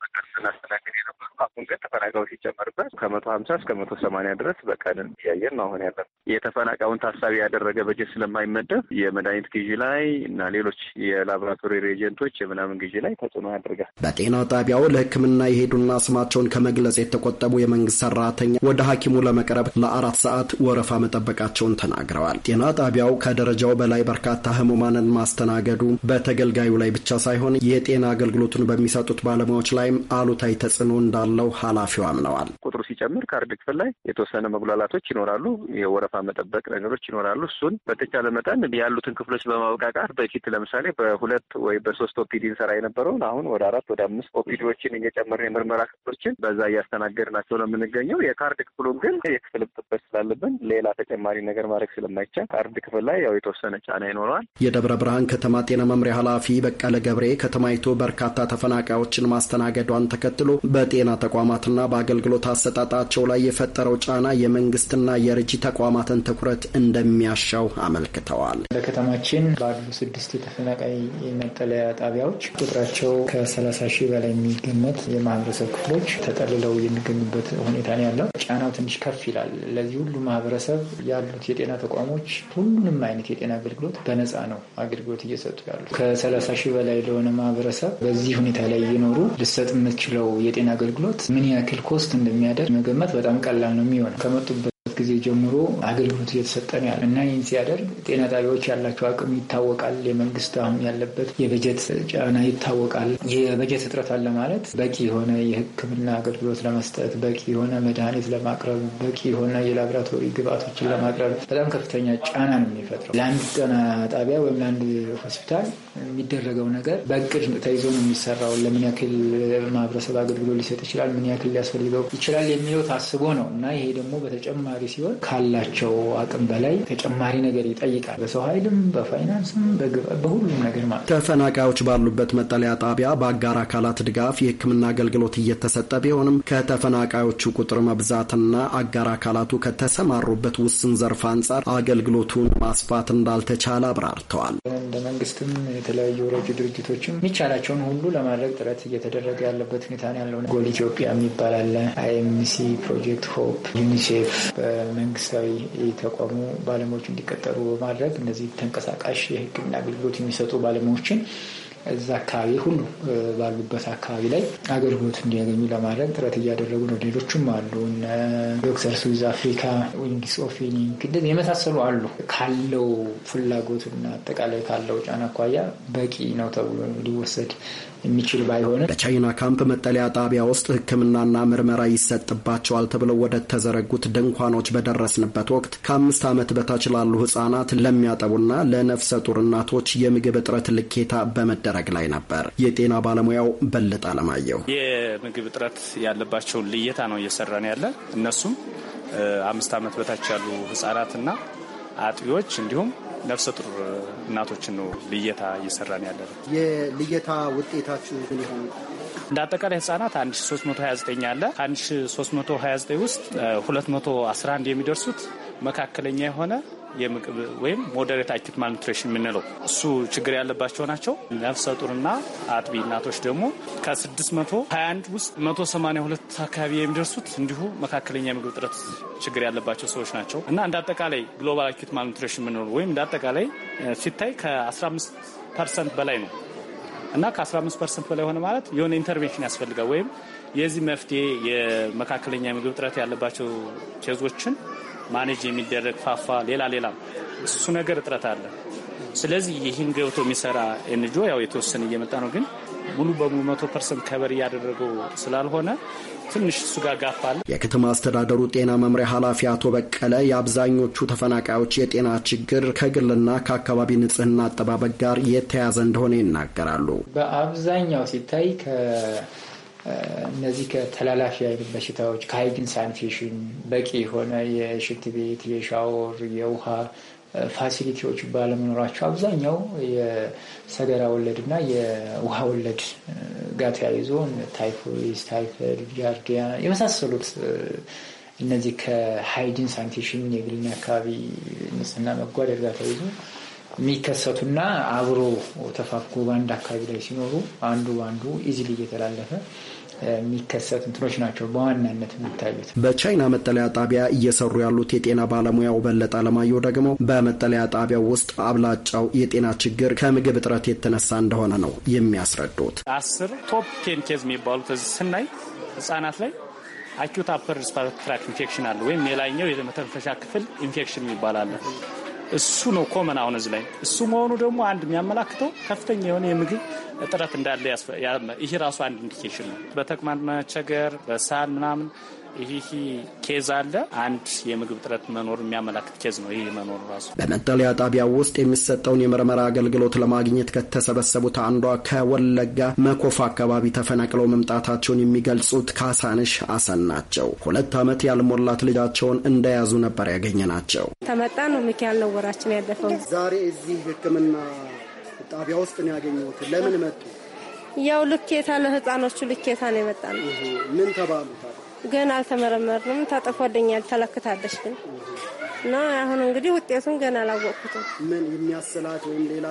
አሁን ግን ተፈናቃዮች ሲጨመርበት ከመቶ ሀምሳ እስከ መቶ ሰማንያ ድረስ በቀን እያየን ነው አሁን ያለን። የተፈናቃዩን ታሳቢ ያደረገ በጀት ስለማይመደብ የመድኃኒት ግዢ ላይ እና ሌሎች የላቦራቶሪ ሬጀንቶች የምናምን ግዢ ላይ ተጽዕኖ ያደርጋል። በጤና ጣቢያው ለሕክምና የሄዱና ስማቸውን ከመግለጽ የተቆጠቡ የመንግስት ሰራተኛ ወደ ሐኪሙ ለመቅረብ ለአራት ሰዓት ወረፋ መጠበቃቸውን ተናግረዋል። ጤና ጣቢያው ከደረጃው በላይ በርካታ ህሙማንን ማስተናገዱ በተገልጋዩ ላይ ብቻ ሳይሆን የጤና አገልግሎቱን በሚሰጡት ባለሙያዎች ላይም አሉታዊ ተጽዕኖ እንዳለው ኃላፊው አምነዋል። ቁጥሩ ሲጨምር ካርድ ክፍል ላይ የተወሰነ መጉላላቶች ይኖራሉ፣ የወረፋ መጠበቅ ነገሮች ይኖራሉ። እሱን በተቻለ መጠን ያሉትን ክፍሎች በማብቃቃት በፊት ለምሳሌ በሁለት ወይ በሶስት ኦፒዲ እንሰራ የነበረውን አሁን ወደ አራት ወደ አምስት ኦፒዲዎችን እየጨመርን የምርመራ ክፍሎችን በዛ እያስተናገድ ናቸው ነው የምንገኘው። የካርድ ክፍሉም ግን የክፍል ጥበት ስላለብን ሌላ ተጨማሪ ነገር ማድረግ ስለማይቻል ካርድ ክፍል ላይ ያው የተወሰነ ጫና ይኖረዋል። የደብረ ብርሃን ከተማ ጤና መምሪያ ኃላፊ በቀለ ገብሬ ከተማይቱ በርካታ ተፈናቃዮችን ማስተናገዷን ተከትሎ በጤ በጤና ተቋማትና በአገልግሎት አሰጣጣቸው ላይ የፈጠረው ጫና የመንግስትና የረጂ ተቋማትን ትኩረት እንደሚያሻው አመልክተዋል። በከተማችን ባሉ ስድስት የተፈናቃይ መጠለያ ጣቢያዎች ቁጥራቸው ከሰላሳ ሺህ በላይ የሚገመት የማህበረሰብ ክፍሎች ተጠልለው የሚገኙበት ሁኔታ ነው ያለው። ጫናው ትንሽ ከፍ ይላል። ለዚህ ሁሉ ማህበረሰብ ያሉት የጤና ተቋሞች ሁሉንም አይነት የጤና አገልግሎት በነፃ ነው አገልግሎት እየሰጡ ያሉ ከሰላሳ ሺህ በላይ ለሆነ ማህበረሰብ በዚህ ሁኔታ ላይ እየኖሩ ልሰጥ የምትችለው የጤና አገልግሎት አገልግሎት ምን ያክል ኮስት እንደሚያደርግ መገመት በጣም ቀላል ነው የሚሆነው። ከመጡበት ጊዜ ጀምሮ አገልግሎት እየተሰጠ ነው ያለ እና ይህን ሲያደርግ ጤና ጣቢያዎች ያላቸው አቅም ይታወቃል። የመንግስት አሁን ያለበት የበጀት ጫና ይታወቃል። የበጀት እጥረት አለ ማለት በቂ የሆነ የሕክምና አገልግሎት ለመስጠት በቂ የሆነ መድኃኒት ለማቅረብ በቂ የሆነ የላቦራቶሪ ግብአቶችን ለማቅረብ በጣም ከፍተኛ ጫና ነው የሚፈጥረው። ለአንድ ጤና ጣቢያ ወይም ለአንድ ሆስፒታል የሚደረገው ነገር በእቅድ ተይዞ ነው የሚሰራው። ለምን ያክል ማህበረሰብ አገልግሎት ሊሰጥ ይችላል፣ ምን ያክል ሊያስፈልገው ይችላል የሚለው ታስቦ ነው እና ይሄ ደግሞ በተጨማሪ አስፈላጊ ሲሆን ካላቸው አቅም በላይ ተጨማሪ ነገር ይጠይቃል። በሰው ኃይልም፣ በፋይናንስም፣ በሁሉም ነገር ማለት ተፈናቃዮች ባሉበት መጠለያ ጣቢያ በአጋር አካላት ድጋፍ የሕክምና አገልግሎት እየተሰጠ ቢሆንም ከተፈናቃዮቹ ቁጥር መብዛትና አጋር አካላቱ ከተሰማሩበት ውስን ዘርፍ አንጻር አገልግሎቱን ማስፋት እንዳልተቻለ አብራርተዋል። እንደ መንግስትም የተለያዩ ረጅ ድርጅቶችም የሚቻላቸውን ሁሉ ለማድረግ ጥረት እየተደረገ ያለበት ሁኔታ ያለው ጎል ኢትዮጵያ የሚባል አለ። አይኤምሲ ፕሮጀክት ሆፕ ዩኒሴፍ በመንግስታዊ የተቋሙ ባለሙያዎች እንዲቀጠሩ በማድረግ እነዚህ ተንቀሳቃሽ የሕክምና አገልግሎት የሚሰጡ ባለሙያዎችን እዛ አካባቢ ሁሉ ባሉበት አካባቢ ላይ አገልግሎት እንዲያገኙ ለማድረግ ጥረት እያደረጉ ነው። ሌሎችም አሉ። ዶክተር ስዊዝ አፍሪካ፣ ዊንግስ ኦፍ እንደዚህ የመሳሰሉ አሉ። ካለው ፍላጎትና አጠቃላይ ካለው ጫና አኳያ በቂ ነው ተብሎ ሊወሰድ የሚችል ባይሆንም በቻይና ካምፕ መጠለያ ጣቢያ ውስጥ ሕክምናና ምርመራ ይሰጥባቸዋል ተብለው ወደ ተዘረጉት ድንኳኖች በደረስንበት ወቅት ከአምስት ዓመት በታች ላሉ ህጻናት ለሚያጠቡና ለነፍሰ ጡር እናቶች የምግብ እጥረት ልኬታ በመደረግ ላይ ነበር። የጤና ባለሙያው በልጥ አለማየሁ የምግብ እጥረት ያለባቸውን ልየታ ነው እየሰራን ያለ እነሱም አምስት ዓመት በታች ያሉ ህጻናትና አጥቢዎች እንዲሁም ነፍሰ ጡር እናቶችን ነው ልየታ እየሰራን ያለ ነው። የልየታ ውጤታችሁ ምን ይሆን? እንደ አጠቃላይ ህጻናት 1329 አለ ከ1329 ውስጥ 211 የሚደርሱት መካከለኛ የሆነ የምግብ ወይም ሞደሬት አኪት ማልኒትሬሽን የምንለው እሱ ችግር ያለባቸው ናቸው። ነፍሰ ጡርና አጥቢ እናቶች ደግሞ ከ621 ውስጥ 182 አካባቢ የሚደርሱት እንዲሁ መካከለኛ የምግብ እጥረት ችግር ያለባቸው ሰዎች ናቸው እና እንደ አጠቃላይ ግሎባል አኪት ማልኒትሬሽን የምንለው ወይም እንደ አጠቃላይ ሲታይ ከ15 ፐርሰንት በላይ ነው እና ከ15 ፐርሰንት በላይ ሆነ ማለት የሆነ ኢንተርቬንሽን ያስፈልጋል ወይም የዚህ መፍትሄ የመካከለኛ የምግብ እጥረት ያለባቸው ኬዞችን ማኔጅ የሚደረግ ፋፋ፣ ሌላ ሌላ እሱ ነገር እጥረት አለ። ስለዚህ ይህን ገብቶ የሚሰራ ኤንጆ ያው የተወሰነ እየመጣ ነው፣ ግን ሙሉ በሙሉ መቶ ፐርሰንት ከበር እያደረገው ስላልሆነ ትንሽ እሱ ጋር ጋፋል። አለ። የከተማ አስተዳደሩ ጤና መምሪያ ኃላፊ አቶ በቀለ የአብዛኞቹ ተፈናቃዮች የጤና ችግር ከግልና ከአካባቢ ንጽህና አጠባበቅ ጋር የተያያዘ እንደሆነ ይናገራሉ። በአብዛኛው ሲታይ እነዚህ ከተላላፊ አይነት በሽታዎች ከሃይጂንስ ሳንፌሽን በቂ የሆነ የሽንት ቤት፣ የሻወር፣ የውሃ ፋሲሊቲዎች ባለመኖራቸው አብዛኛው የሰገራ ወለድ ወለድና የውሃ ወለድ ጋር ተያይዞ ታይፎይድ፣ ታይፈድ፣ ጃርዲያ የመሳሰሉት እነዚህ ከሃይጂን ሳንቴሽን የግልና አካባቢ ንጽህና መጓደል ጋር ተያይዞ የሚከሰቱና አብሮ ተፋፍጎ በአንድ አካባቢ ላይ ሲኖሩ አንዱ አንዱ ኢዚሊ እየተላለፈ የሚከሰት እንትኖች ናቸው በዋናነት የሚታዩት። በቻይና መጠለያ ጣቢያ እየሰሩ ያሉት የጤና ባለሙያው በለጠ አለማየሁ ደግሞ በመጠለያ ጣቢያው ውስጥ አብላጫው የጤና ችግር ከምግብ እጥረት የተነሳ እንደሆነ ነው የሚያስረዱት። አስር ቶፕ ቴን ኬዝ የሚባሉት ስናይ ህጻናት ላይ አኪዩት አፐር ሪስፓራቶሪ ትራክ ኢንፌክሽን አለ ወይም የላይኛው የመተንፈሻ ክፍል ኢንፌክሽን የሚባል አለ እሱ ነው ኮመን አሁን እዚህ ላይ እሱ መሆኑ ደግሞ አንድ የሚያመላክተው ከፍተኛ የሆነ የምግብ እጥረት እንዳለ ይሄ ራሱ አንድ ኢንዲኬሽን ነው። በተቅማጥ መቸገር፣ በሳል ምናምን ይህ ኬዝ አለ። አንድ የምግብ እጥረት መኖር የሚያመላክት ኬዝ ነው። ይህ መኖር ራሱ በመጠለያ ጣቢያ ውስጥ የሚሰጠውን የምርመራ አገልግሎት ለማግኘት ከተሰበሰቡት አንዷ ከወለጋ መኮፋ አካባቢ ተፈናቅለው መምጣታቸውን የሚገልጹት ካሳንሽ አሰን ናቸው። ሁለት ዓመት ያልሞላት ልጃቸውን እንደያዙ ነበር ያገኘ ናቸው። ተመጣ ነው ምክንያል ነው ወራችን ያለፈው ዛሬ እዚህ ሕክምና ጣቢያ ውስጥ ነው ያገኘሁት። ለምን መጡ? ያው ልኬታ ለህፃኖቹ ልኬታ ነው የመጣ ነው። ምን ተባሉ? ገና አልተመረመርንም። ታጠፏደኛል ተለክታለች ግን እና አሁን እንግዲህ ውጤቱን ገና አላወቅኩትም። ምን የሚያስላት ወይም ሌላ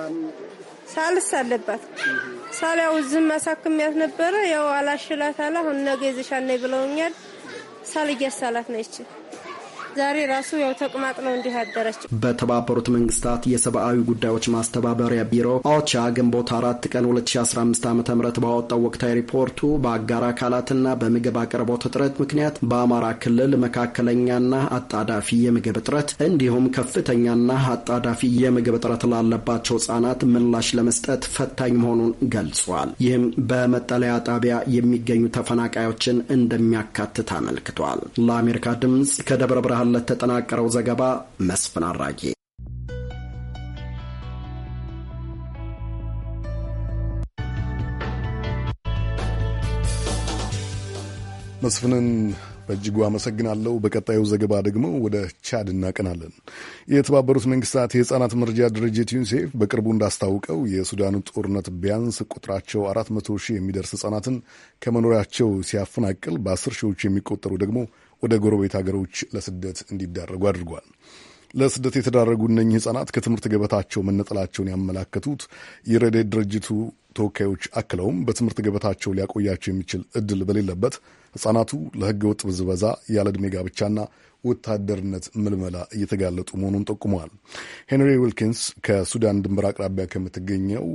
ሳልስ አለባት ሳል ያው ዝም አሳክሚያት ነበረ። ያው አላሽላት አለ። አሁን ነገ ይዘሻል ነይ ብለውኛል። ሳል እያሳላት ነች። ዛሬ ራሱ ያው ተቅማጥ ነው እንዲህ ያደረችው። በተባበሩት መንግስታት የሰብአዊ ጉዳዮች ማስተባበሪያ ቢሮ አዎቻ ግንቦት አራት ቀን 2015 ዓ ም ባወጣው ወቅታዊ ሪፖርቱ በአጋር አካላትና በምግብ አቅርቦት እጥረት ምክንያት በአማራ ክልል መካከለኛና አጣዳፊ የምግብ እጥረት እንዲሁም ከፍተኛና አጣዳፊ የምግብ እጥረት ላለባቸው ህጻናት ምላሽ ለመስጠት ፈታኝ መሆኑን ገልጿል። ይህም በመጠለያ ጣቢያ የሚገኙ ተፈናቃዮችን እንደሚያካትት አመልክቷል። ለአሜሪካ ድምጽ ከደብረ ብርሃን ለተላከለት ተጠናቀረው ዘገባ መስፍን አራጌ መስፍንን በእጅጉ አመሰግናለሁ። በቀጣዩ ዘገባ ደግሞ ወደ ቻድ እናቀናለን። የተባበሩት መንግስታት የህፃናት መርጃ ድርጅት ዩኒሴፍ በቅርቡ እንዳስታውቀው የሱዳኑ ጦርነት ቢያንስ ቁጥራቸው አራት መቶ ሺህ የሚደርስ ህጻናትን ከመኖሪያቸው ሲያፈናቅል በአስር ሺዎች የሚቆጠሩ ደግሞ ወደ ጎረቤት ሀገሮች ለስደት እንዲዳረጉ አድርጓል። ለስደት የተዳረጉ እነኚህ ህጻናት ከትምህርት ገበታቸው መነጠላቸውን ያመላከቱት የረድኤት ድርጅቱ ተወካዮች አክለውም በትምህርት ገበታቸው ሊያቆያቸው የሚችል እድል በሌለበት ህጻናቱ ለህገ ወጥ ብዝበዛ፣ ያለ ዕድሜ ጋብቻና ወታደርነት ምልመላ እየተጋለጡ መሆኑን ጠቁመዋል። ሄንሪ ዊልኪንስ ከሱዳን ድንበር አቅራቢያ ከምትገኘው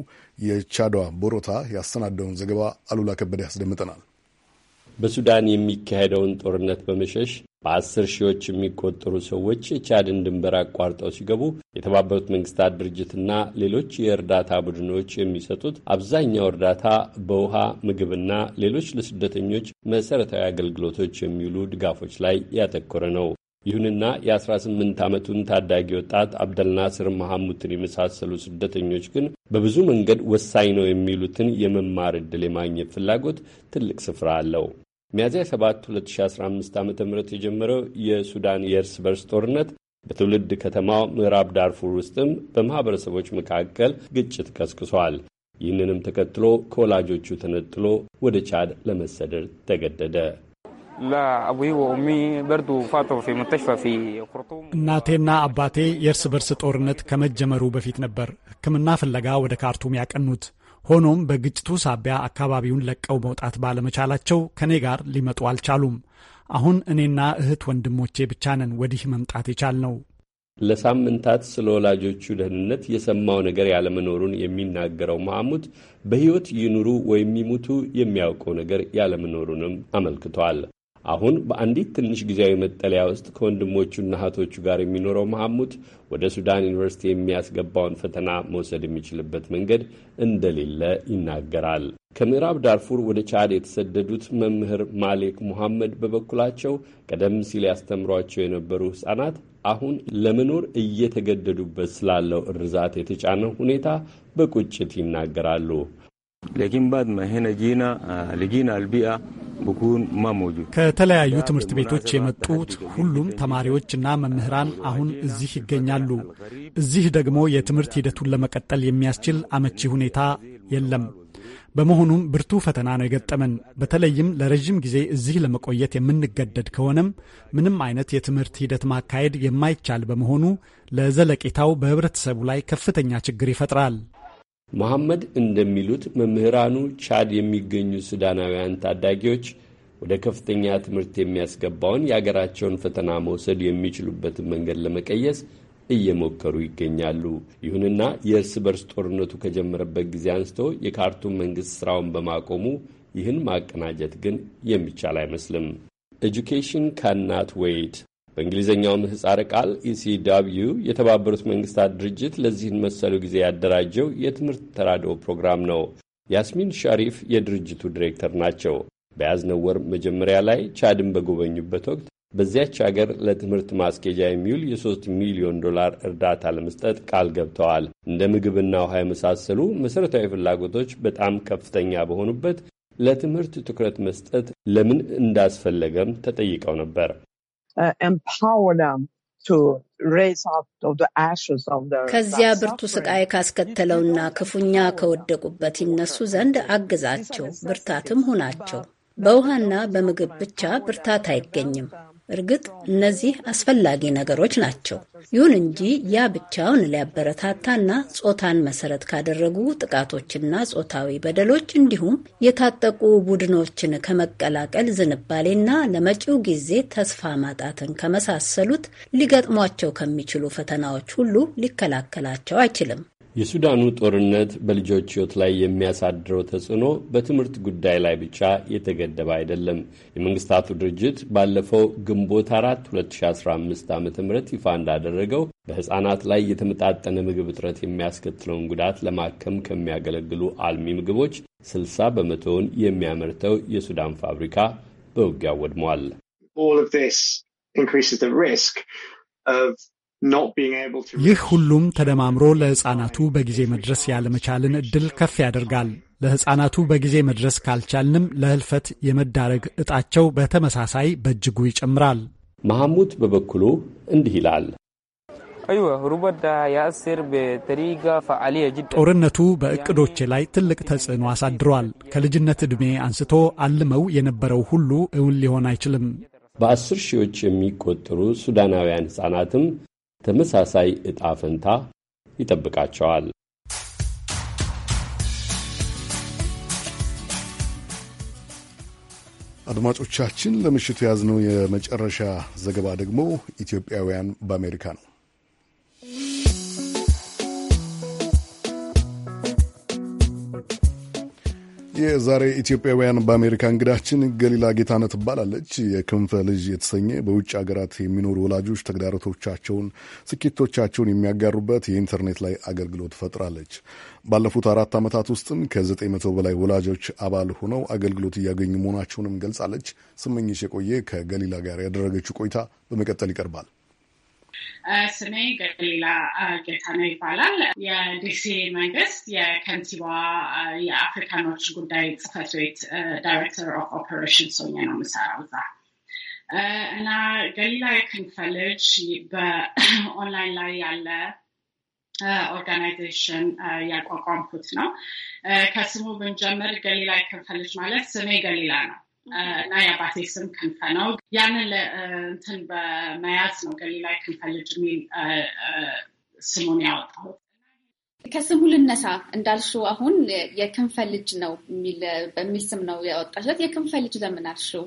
የቻዷ ቦሮታ ያሰናዳውን ዘገባ አሉላ ከበደ ያስደምጠናል። በሱዳን የሚካሄደውን ጦርነት በመሸሽ በአስር ሺዎች የሚቆጠሩ ሰዎች የቻድን ድንበር አቋርጠው ሲገቡ የተባበሩት መንግስታት ድርጅትና ሌሎች የእርዳታ ቡድኖች የሚሰጡት አብዛኛው እርዳታ በውሃ ምግብና ሌሎች ለስደተኞች መሠረታዊ አገልግሎቶች የሚውሉ ድጋፎች ላይ ያተኮረ ነው። ይሁንና የ18 ዓመቱን ታዳጊ ወጣት አብደልናስር መሐሙትን የመሳሰሉ ስደተኞች ግን በብዙ መንገድ ወሳኝ ነው የሚሉትን የመማር ዕድል የማግኘት ፍላጎት ትልቅ ስፍራ አለው። ሚያዝያ 7 2015 ዓ ም የጀመረው የሱዳን የእርስ በርስ ጦርነት በትውልድ ከተማው ምዕራብ ዳርፉር ውስጥም በማኅበረሰቦች መካከል ግጭት ቀስቅሷል። ይህንንም ተከትሎ ከወላጆቹ ተነጥሎ ወደ ቻድ ለመሰደድ ተገደደ። እናቴና አባቴ የእርስ በርስ ጦርነት ከመጀመሩ በፊት ነበር ሕክምና ፍለጋ ወደ ካርቱም ያቀኑት። ሆኖም በግጭቱ ሳቢያ አካባቢውን ለቀው መውጣት ባለመቻላቸው ከኔ ጋር ሊመጡ አልቻሉም። አሁን እኔና እህት ወንድሞቼ ብቻ ነን ወዲህ መምጣት የቻልነው። ለሳምንታት ስለ ወላጆቹ ደህንነት የሰማው ነገር ያለመኖሩን የሚናገረው መሐሙድ በሕይወት ይኑሩ ወይም ይሙቱ የሚያውቀው ነገር ያለመኖሩንም አመልክቷል። አሁን በአንዲት ትንሽ ጊዜያዊ መጠለያ ውስጥ ከወንድሞቹና እህቶቹ ጋር የሚኖረው መሐሙድ ወደ ሱዳን ዩኒቨርሲቲ የሚያስገባውን ፈተና መውሰድ የሚችልበት መንገድ እንደሌለ ይናገራል። ከምዕራብ ዳርፉር ወደ ቻድ የተሰደዱት መምህር ማሌክ ሙሐመድ በበኩላቸው ቀደም ሲል ያስተምሯቸው የነበሩ ሕፃናት አሁን ለመኖር እየተገደዱበት ስላለው እርዛት የተጫነ ሁኔታ በቁጭት ይናገራሉ። Ah, ከተለያዩ ትምህርት ቤቶች የመጡት ሁሉም ተማሪዎችና መምህራን አሁን እዚህ ይገኛሉ። እዚህ ደግሞ የትምህርት ሂደቱን ለመቀጠል የሚያስችል አመቺ ሁኔታ የለም። በመሆኑም ብርቱ ፈተና ነው የገጠመን። በተለይም ለረዥም ጊዜ እዚህ ለመቆየት የምንገደድ ከሆነም ምንም አይነት የትምህርት ሂደት ማካሄድ የማይቻል በመሆኑ ለዘለቄታው በህብረተሰቡ ላይ ከፍተኛ ችግር ይፈጥራል። መሐመድ እንደሚሉት መምህራኑ ቻድ የሚገኙ ሱዳናውያን ታዳጊዎች ወደ ከፍተኛ ትምህርት የሚያስገባውን የአገራቸውን ፈተና መውሰድ የሚችሉበትን መንገድ ለመቀየስ እየሞከሩ ይገኛሉ። ይሁንና የእርስ በርስ ጦርነቱ ከጀመረበት ጊዜ አንስቶ የካርቱም መንግሥት ሥራውን በማቆሙ ይህን ማቀናጀት ግን የሚቻል አይመስልም። ኤጁኬሽን ካናት ዌይት በእንግሊዝኛው ምህጻረ ቃል ኢሲዳብዩ የተባበሩት መንግስታት ድርጅት ለዚህን መሰሉ ጊዜ ያደራጀው የትምህርት ተራድኦ ፕሮግራም ነው። ያስሚን ሻሪፍ የድርጅቱ ዲሬክተር ናቸው። በያዝነው ወር መጀመሪያ ላይ ቻድን በጎበኙበት ወቅት በዚያች አገር ለትምህርት ማስኬጃ የሚውል የሶስት ሚሊዮን ዶላር እርዳታ ለመስጠት ቃል ገብተዋል። እንደ ምግብና ውሃ የመሳሰሉ መሠረታዊ ፍላጎቶች በጣም ከፍተኛ በሆኑበት ለትምህርት ትኩረት መስጠት ለምን እንዳስፈለገም ተጠይቀው ነበር። Uh, empower them ከዚያ ብርቱ ስቃይ ካስከተለውና ክፉኛ ከወደቁበት ይነሱ ዘንድ አግዛቸው፣ ብርታትም ሁናቸው። በውሃና በምግብ ብቻ ብርታት አይገኝም። እርግጥ እነዚህ አስፈላጊ ነገሮች ናቸው። ይሁን እንጂ ያ ብቻውን ሊያበረታታና ጾታን መሰረት ካደረጉ ጥቃቶችና ጾታዊ በደሎች እንዲሁም የታጠቁ ቡድኖችን ከመቀላቀል ዝንባሌና ለመጪው ጊዜ ተስፋ ማጣትን ከመሳሰሉት ሊገጥሟቸው ከሚችሉ ፈተናዎች ሁሉ ሊከላከላቸው አይችልም። የሱዳኑ ጦርነት በልጆች ሕይወት ላይ የሚያሳድረው ተጽዕኖ በትምህርት ጉዳይ ላይ ብቻ የተገደበ አይደለም። የመንግስታቱ ድርጅት ባለፈው ግንቦት 4 2015 ዓ ም ይፋ እንዳደረገው በሕፃናት ላይ የተመጣጠነ ምግብ እጥረት የሚያስከትለውን ጉዳት ለማከም ከሚያገለግሉ አልሚ ምግቦች 60 በመቶውን የሚያመርተው የሱዳን ፋብሪካ በውጊያ ወድሟል። ይህ ሁሉም ተደማምሮ ለሕፃናቱ በጊዜ መድረስ ያለመቻልን እድል ከፍ ያደርጋል። ለሕፃናቱ በጊዜ መድረስ ካልቻልንም ለህልፈት የመዳረግ ዕጣቸው በተመሳሳይ በእጅጉ ይጨምራል። መሐሙድ በበኩሉ እንዲህ ይላል። ጦርነቱ በእቅዶቼ ላይ ትልቅ ተጽዕኖ አሳድሯል። ከልጅነት ዕድሜ አንስቶ አልመው የነበረው ሁሉ እውን ሊሆን አይችልም። በአስር ሺዎች የሚቆጠሩ ሱዳናውያን ሕፃናትም ተመሳሳይ እጣ ፈንታ ይጠብቃቸዋል። አድማጮቻችን፣ ለምሽቱ የያዝነው የመጨረሻ ዘገባ ደግሞ ኢትዮጵያውያን በአሜሪካ ነው። የዛሬ ኢትዮጵያውያን በአሜሪካ እንግዳችን ገሊላ ጌታነ ትባላለች። የክንፈ ልጅ የተሰኘ በውጭ ሀገራት የሚኖሩ ወላጆች ተግዳሮቶቻቸውን፣ ስኬቶቻቸውን የሚያጋሩበት የኢንተርኔት ላይ አገልግሎት ፈጥራለች። ባለፉት አራት ዓመታት ውስጥም ከዘጠኝ መቶ በላይ ወላጆች አባል ሆነው አገልግሎት እያገኙ መሆናቸውንም ገልጻለች። ስመኝሽ የቆየ ከገሊላ ጋር ያደረገችው ቆይታ በመቀጠል ይቀርባል። ስሜ ገሊላ ጌታነው ይባላል። የዲሲ መንግስት የከንቲባ የአፍሪካኖች ጉዳይ ጽህፈት ቤት ዳይሬክተር ኦፍ ኦፐሬሽን ሆኜ ነው የምሰራው እዛ እና ገሊላ የክንፈልጅ በኦንላይን ላይ ያለ ኦርጋናይዜሽን ያቋቋምኩት ነው። ከስሙ ብንጀምር ገሊላ የክንፈልጅ ማለት ስሜ ገሊላ ነው። ላይ አባቴ ስም ክንፈ ነው። ያንን እንትን በመያዝ ነው ላይ ክንፈ ልጅ የሚል ስሙን ያወጣሁት። ከስሙ ልነሳ እንዳልሽው አሁን የክንፈ ልጅ ነው በሚል ስም ነው ያወጣሽለት። የክንፈ ልጅ ለምን አልሽው?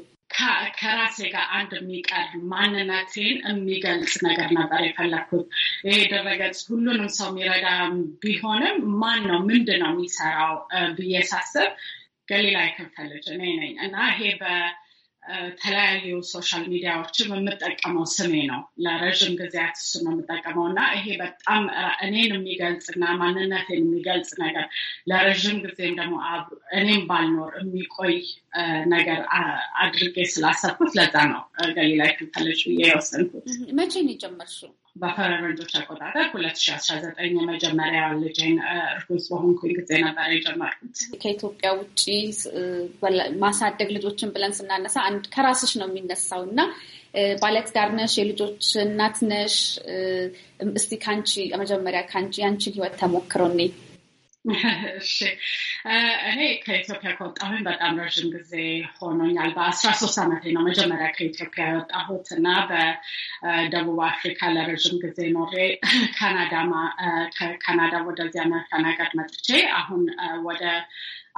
ከራሴ ጋር አንድ የሚቀር ማንነቴን የሚገልጽ ነገር ነበር የፈለግኩት። ይሄ ድረገጽ ሁሉንም ሰው የሚረዳ ቢሆንም ማን ነው ምንድን ነው የሚሰራው ብዬ ሳስብ ገሊላ የከፈለች እኔ ነኝ እና ይሄ በተለያዩ ሶሻል ሚዲያዎችም የምጠቀመው ስሜ ነው። ለረዥም ጊዜያት እሱ ነው የምጠቀመው እና ይሄ በጣም እኔን የሚገልጽና ማንነቴን የሚገልጽ ነገር ለረዥም ጊዜም ደግሞ እኔም ባልኖር የሚቆይ ነገር አድርጌ ስላሰብኩት ለዛ ነው ገሊላ የከፈለች ብዬ የወሰንኩት። መቼ ነው የጀመርሽው? በፈረንጆች አቆጣጠር ሁለት ሺ አስራ ዘጠኝ የመጀመሪያ ልጄን እርጉዝ በሆንኩኝ ጊዜ ነበር የጀመርኩት። ከኢትዮጵያ ውጭ ማሳደግ ልጆችን ብለን ስናነሳ አንድ ከራስሽ ነው የሚነሳው እና ባለትዳር ነሽ፣ የልጆች እናት ነሽ። እስቲ ከአንቺ መጀመሪያ ከአንቺ ያንቺን ህይወት ተሞክሮ እኔ እኔ ከኢትዮጵያ ከወጣሁኝ በጣም ረዥም ጊዜ ሆኖኛል። በአስራ ሶስት ዓመቴ ነው መጀመሪያ ከኢትዮጵያ የወጣሁት እና በደቡብ አፍሪካ ለረዥም ጊዜ ኖሬ ከካናዳ ወደዚህ አሜሪካን ሀገር መጥቼ አሁን ወደ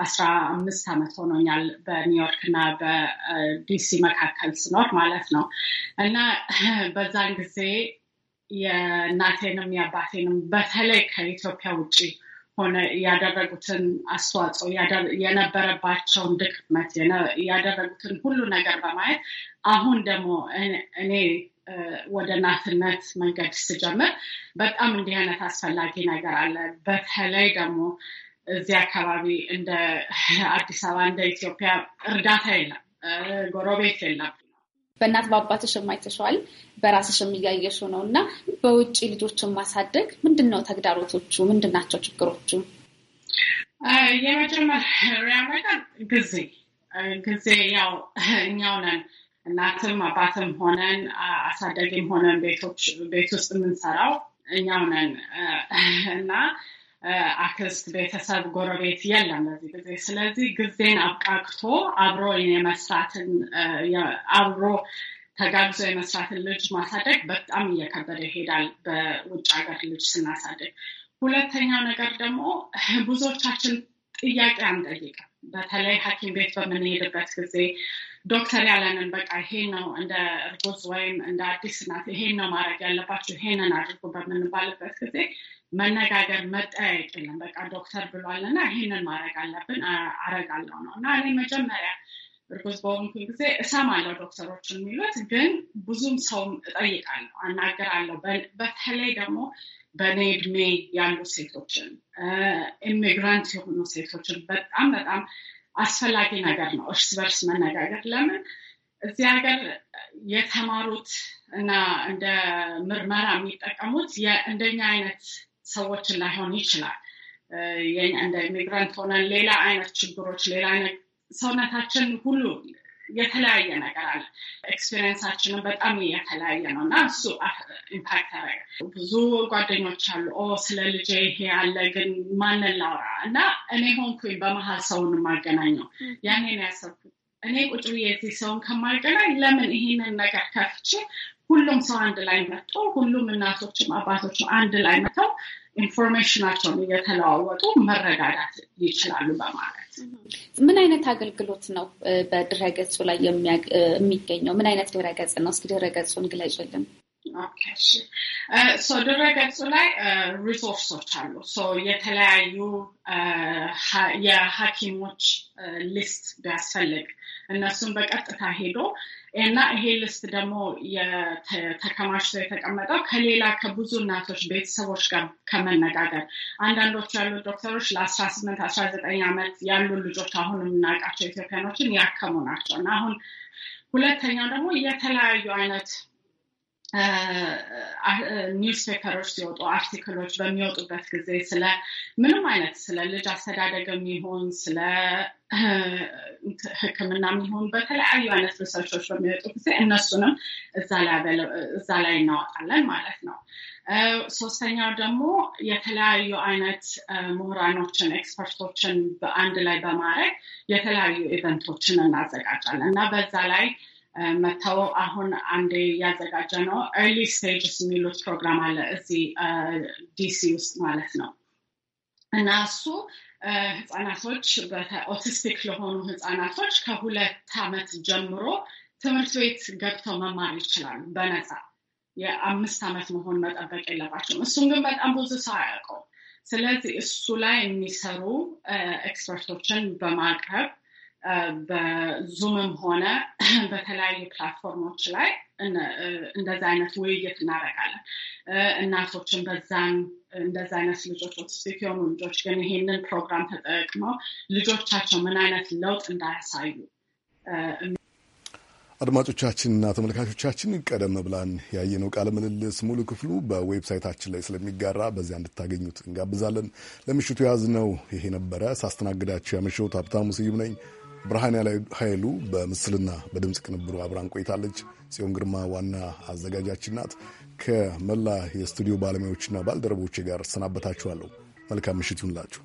አስራ አምስት አመት ሆኖኛል በኒውዮርክ እና በዲሲ መካከል ስኖር ማለት ነው እና በዛን ጊዜ የእናቴንም የአባቴንም በተለይ ከኢትዮጵያ ውጭ ሆነ ያደረጉትን አስተዋጽኦ የነበረባቸውን ድክመት ያደረጉትን ሁሉ ነገር በማየት አሁን ደግሞ እኔ ወደ እናትነት መንገድ ስጀምር በጣም እንዲህ አይነት አስፈላጊ ነገር አለ። በተለይ ደግሞ እዚህ አካባቢ እንደ አዲስ አበባ እንደ ኢትዮጵያ እርዳታ የለም፣ ጎረቤት የለም። በእናት በአባትሽም አይተሸዋል፣ በራስሽም እያየሽው ነው እና በውጭ ልጆችን ማሳደግ ምንድን ነው ተግዳሮቶቹ? ምንድን ናቸው ችግሮቹ? የመጀመሪያ ነገር ጊዜ ጊዜ ያው እኛው ነን እናትም አባትም ሆነን አሳደግም ሆነን ቤቶች ቤት ውስጥ የምንሰራው እኛው ነን እና አክስት፣ ቤተሰብ፣ ጎረቤት የለም በዚህ ጊዜ። ስለዚህ ጊዜን አብቃቅቶ አብሮ የመስራትን አብሮ ተጋግዞ የመስራትን ልጅ ማሳደግ በጣም እየከበደ ይሄዳል በውጭ ሀገር ልጅ ስናሳደግ። ሁለተኛው ነገር ደግሞ ብዙዎቻችን ጥያቄ አንጠይቅም። በተለይ ሐኪም ቤት በምንሄድበት ጊዜ ዶክተር ያለንን በቃ ይሄ ነው እንደ እርጉዝ ወይም እንደ አዲስ እናት ይሄን ነው ማድረግ ያለባቸው ይሄንን አድርጎ በምንባልበት ጊዜ መነጋገር መጠያየቅ የለም። በቃ ዶክተር ብሏል እና ይህንን ማድረግ አለብን አረጋለው ነው እና እኔ መጀመሪያ እርጉዝ በሆንኩ ጊዜ አለው ዶክተሮች የሚሉት፣ ግን ብዙም ሰው እጠይቃለሁ፣ አናገራለሁ በተለይ ደግሞ በእኔ እድሜ ያሉ ሴቶችን፣ ኢሚግራንት የሆኑ ሴቶችን በጣም በጣም አስፈላጊ ነገር ነው እርስ በርስ መነጋገር። ለምን እዚህ ሀገር የተማሩት እና እንደ ምርመራ የሚጠቀሙት እንደኛ አይነት ሰዎችን ላይሆን ይችላል። እንደ ኢሚግራንት ሆነን ሌላ አይነት ችግሮች፣ ሌላ አይነት ሰውነታችን ሁሉ የተለያየ ነገር አለ። ኤክስፔሪንሳችንን በጣም የተለያየ ነው እና እሱ ኢምፓክት ያደረገ ብዙ ጓደኞች አሉ። ኦ ስለ ልጄ ይሄ አለ ግን ማንን ላውራ እና እኔ ሆንኩኝ በመሀል ሰውን የማገናኘው ያኔ ነው ያሰብኩት። እኔ ቁጭ ብዬ ሰውን ከማገናኝ ለምን ይሄንን ነገር ከፍቼ ሁሉም ሰው አንድ ላይ መጥቶ ሁሉም እናቶችም አባቶችም አንድ ላይ መተው ኢንፎርሜሽናቸውን እየተለዋወጡ መረዳዳት ይችላሉ በማለት ምን አይነት አገልግሎት ነው በድረገጹ ላይ የሚገኘው? ምን አይነት ድረገጽ ነው? እስኪ ድረገጹን ግለጭልን። ድረገጹ ላይ ሪሶርሶች አሉ። የተለያዩ የሐኪሞች ሊስት ቢያስፈልግ እነሱን በቀጥታ ሄዶ እና ይሄ ልስት ደግሞ ተከማችቶ የተቀመጠው ከሌላ ከብዙ እናቶች ቤተሰቦች ጋር ከመነጋገር አንዳንዶቹ ያሉ ዶክተሮች ለአስራ ስምንት አስራ ዘጠኝ ዓመት ያሉ ልጆች አሁን የምናውቃቸው ኢትዮጵያኖችን ያከሙ ናቸው እና አሁን ሁለተኛው ደግሞ የተለያዩ አይነት ኒውስ ፔፐሮች ሲወጡ አርቲክሎች በሚወጡበት ጊዜ ስለ ምንም አይነት ስለ ልጅ አስተዳደግ የሚሆን ስለ ሕክምና የሚሆን በተለያዩ አይነት ሪሰርቾች በሚወጡ ጊዜ እነሱንም እዛ ላይ እናወጣለን ማለት ነው። ሶስተኛው ደግሞ የተለያዩ አይነት ምሁራኖችን ኤክስፐርቶችን በአንድ ላይ በማድረግ የተለያዩ ኢቨንቶችን እናዘጋጃለን እና በዛ ላይ መተው አሁን አንድ ያዘጋጀ ነው ኤርሊ ስቴጅስ የሚሉት ፕሮግራም አለ እዚህ ዲሲ ውስጥ ማለት ነው እና እሱ ህጻናቶች ኦቲስቲክ ለሆኑ ህጻናቶች ከሁለት ዓመት ጀምሮ ትምህርት ቤት ገብተው መማር ይችላሉ በነፃ የአምስት ዓመት መሆን መጠበቅ የለባቸውም። እሱም ግን በጣም ብዙ ሰው አያውቀው። ስለዚህ እሱ ላይ የሚሰሩ ኤክስፐርቶችን በማቅረብ በዙምም ሆነ በተለያዩ ፕላትፎርሞች ላይ እንደዛ አይነት ውይይት እናደርጋለን። እናቶችን በዛን እንደዛ አይነት ልጆች ኦቲስቲክ የሆኑ ልጆች ግን ይሄንን ፕሮግራም ተጠቅመው ልጆቻቸው ምን አይነት ለውጥ እንዳያሳዩ አድማጮቻችንና ተመልካቾቻችን ቀደም ብላን ያየነው ቃለ ምልልስ ሙሉ ክፍሉ በዌብሳይታችን ላይ ስለሚጋራ በዚያ እንድታገኙት እንጋብዛለን። ለምሽቱ የያዝነው ይሄ ነበረ። ሳስተናግዳችሁ ያመሸሁት ሀብታሙ ስዩም ነኝ። ብርሃን ያለ ኃይሉ በምስልና በድምፅ ቅንብሩ አብራን ቆይታለች። ጽዮን ግርማ ዋና አዘጋጃችን ናት። ከመላ የስቱዲዮ ባለሙያዎችና ባልደረቦቼ ጋር እሰናበታችኋለሁ። መልካም ምሽት ይሁንላችሁ።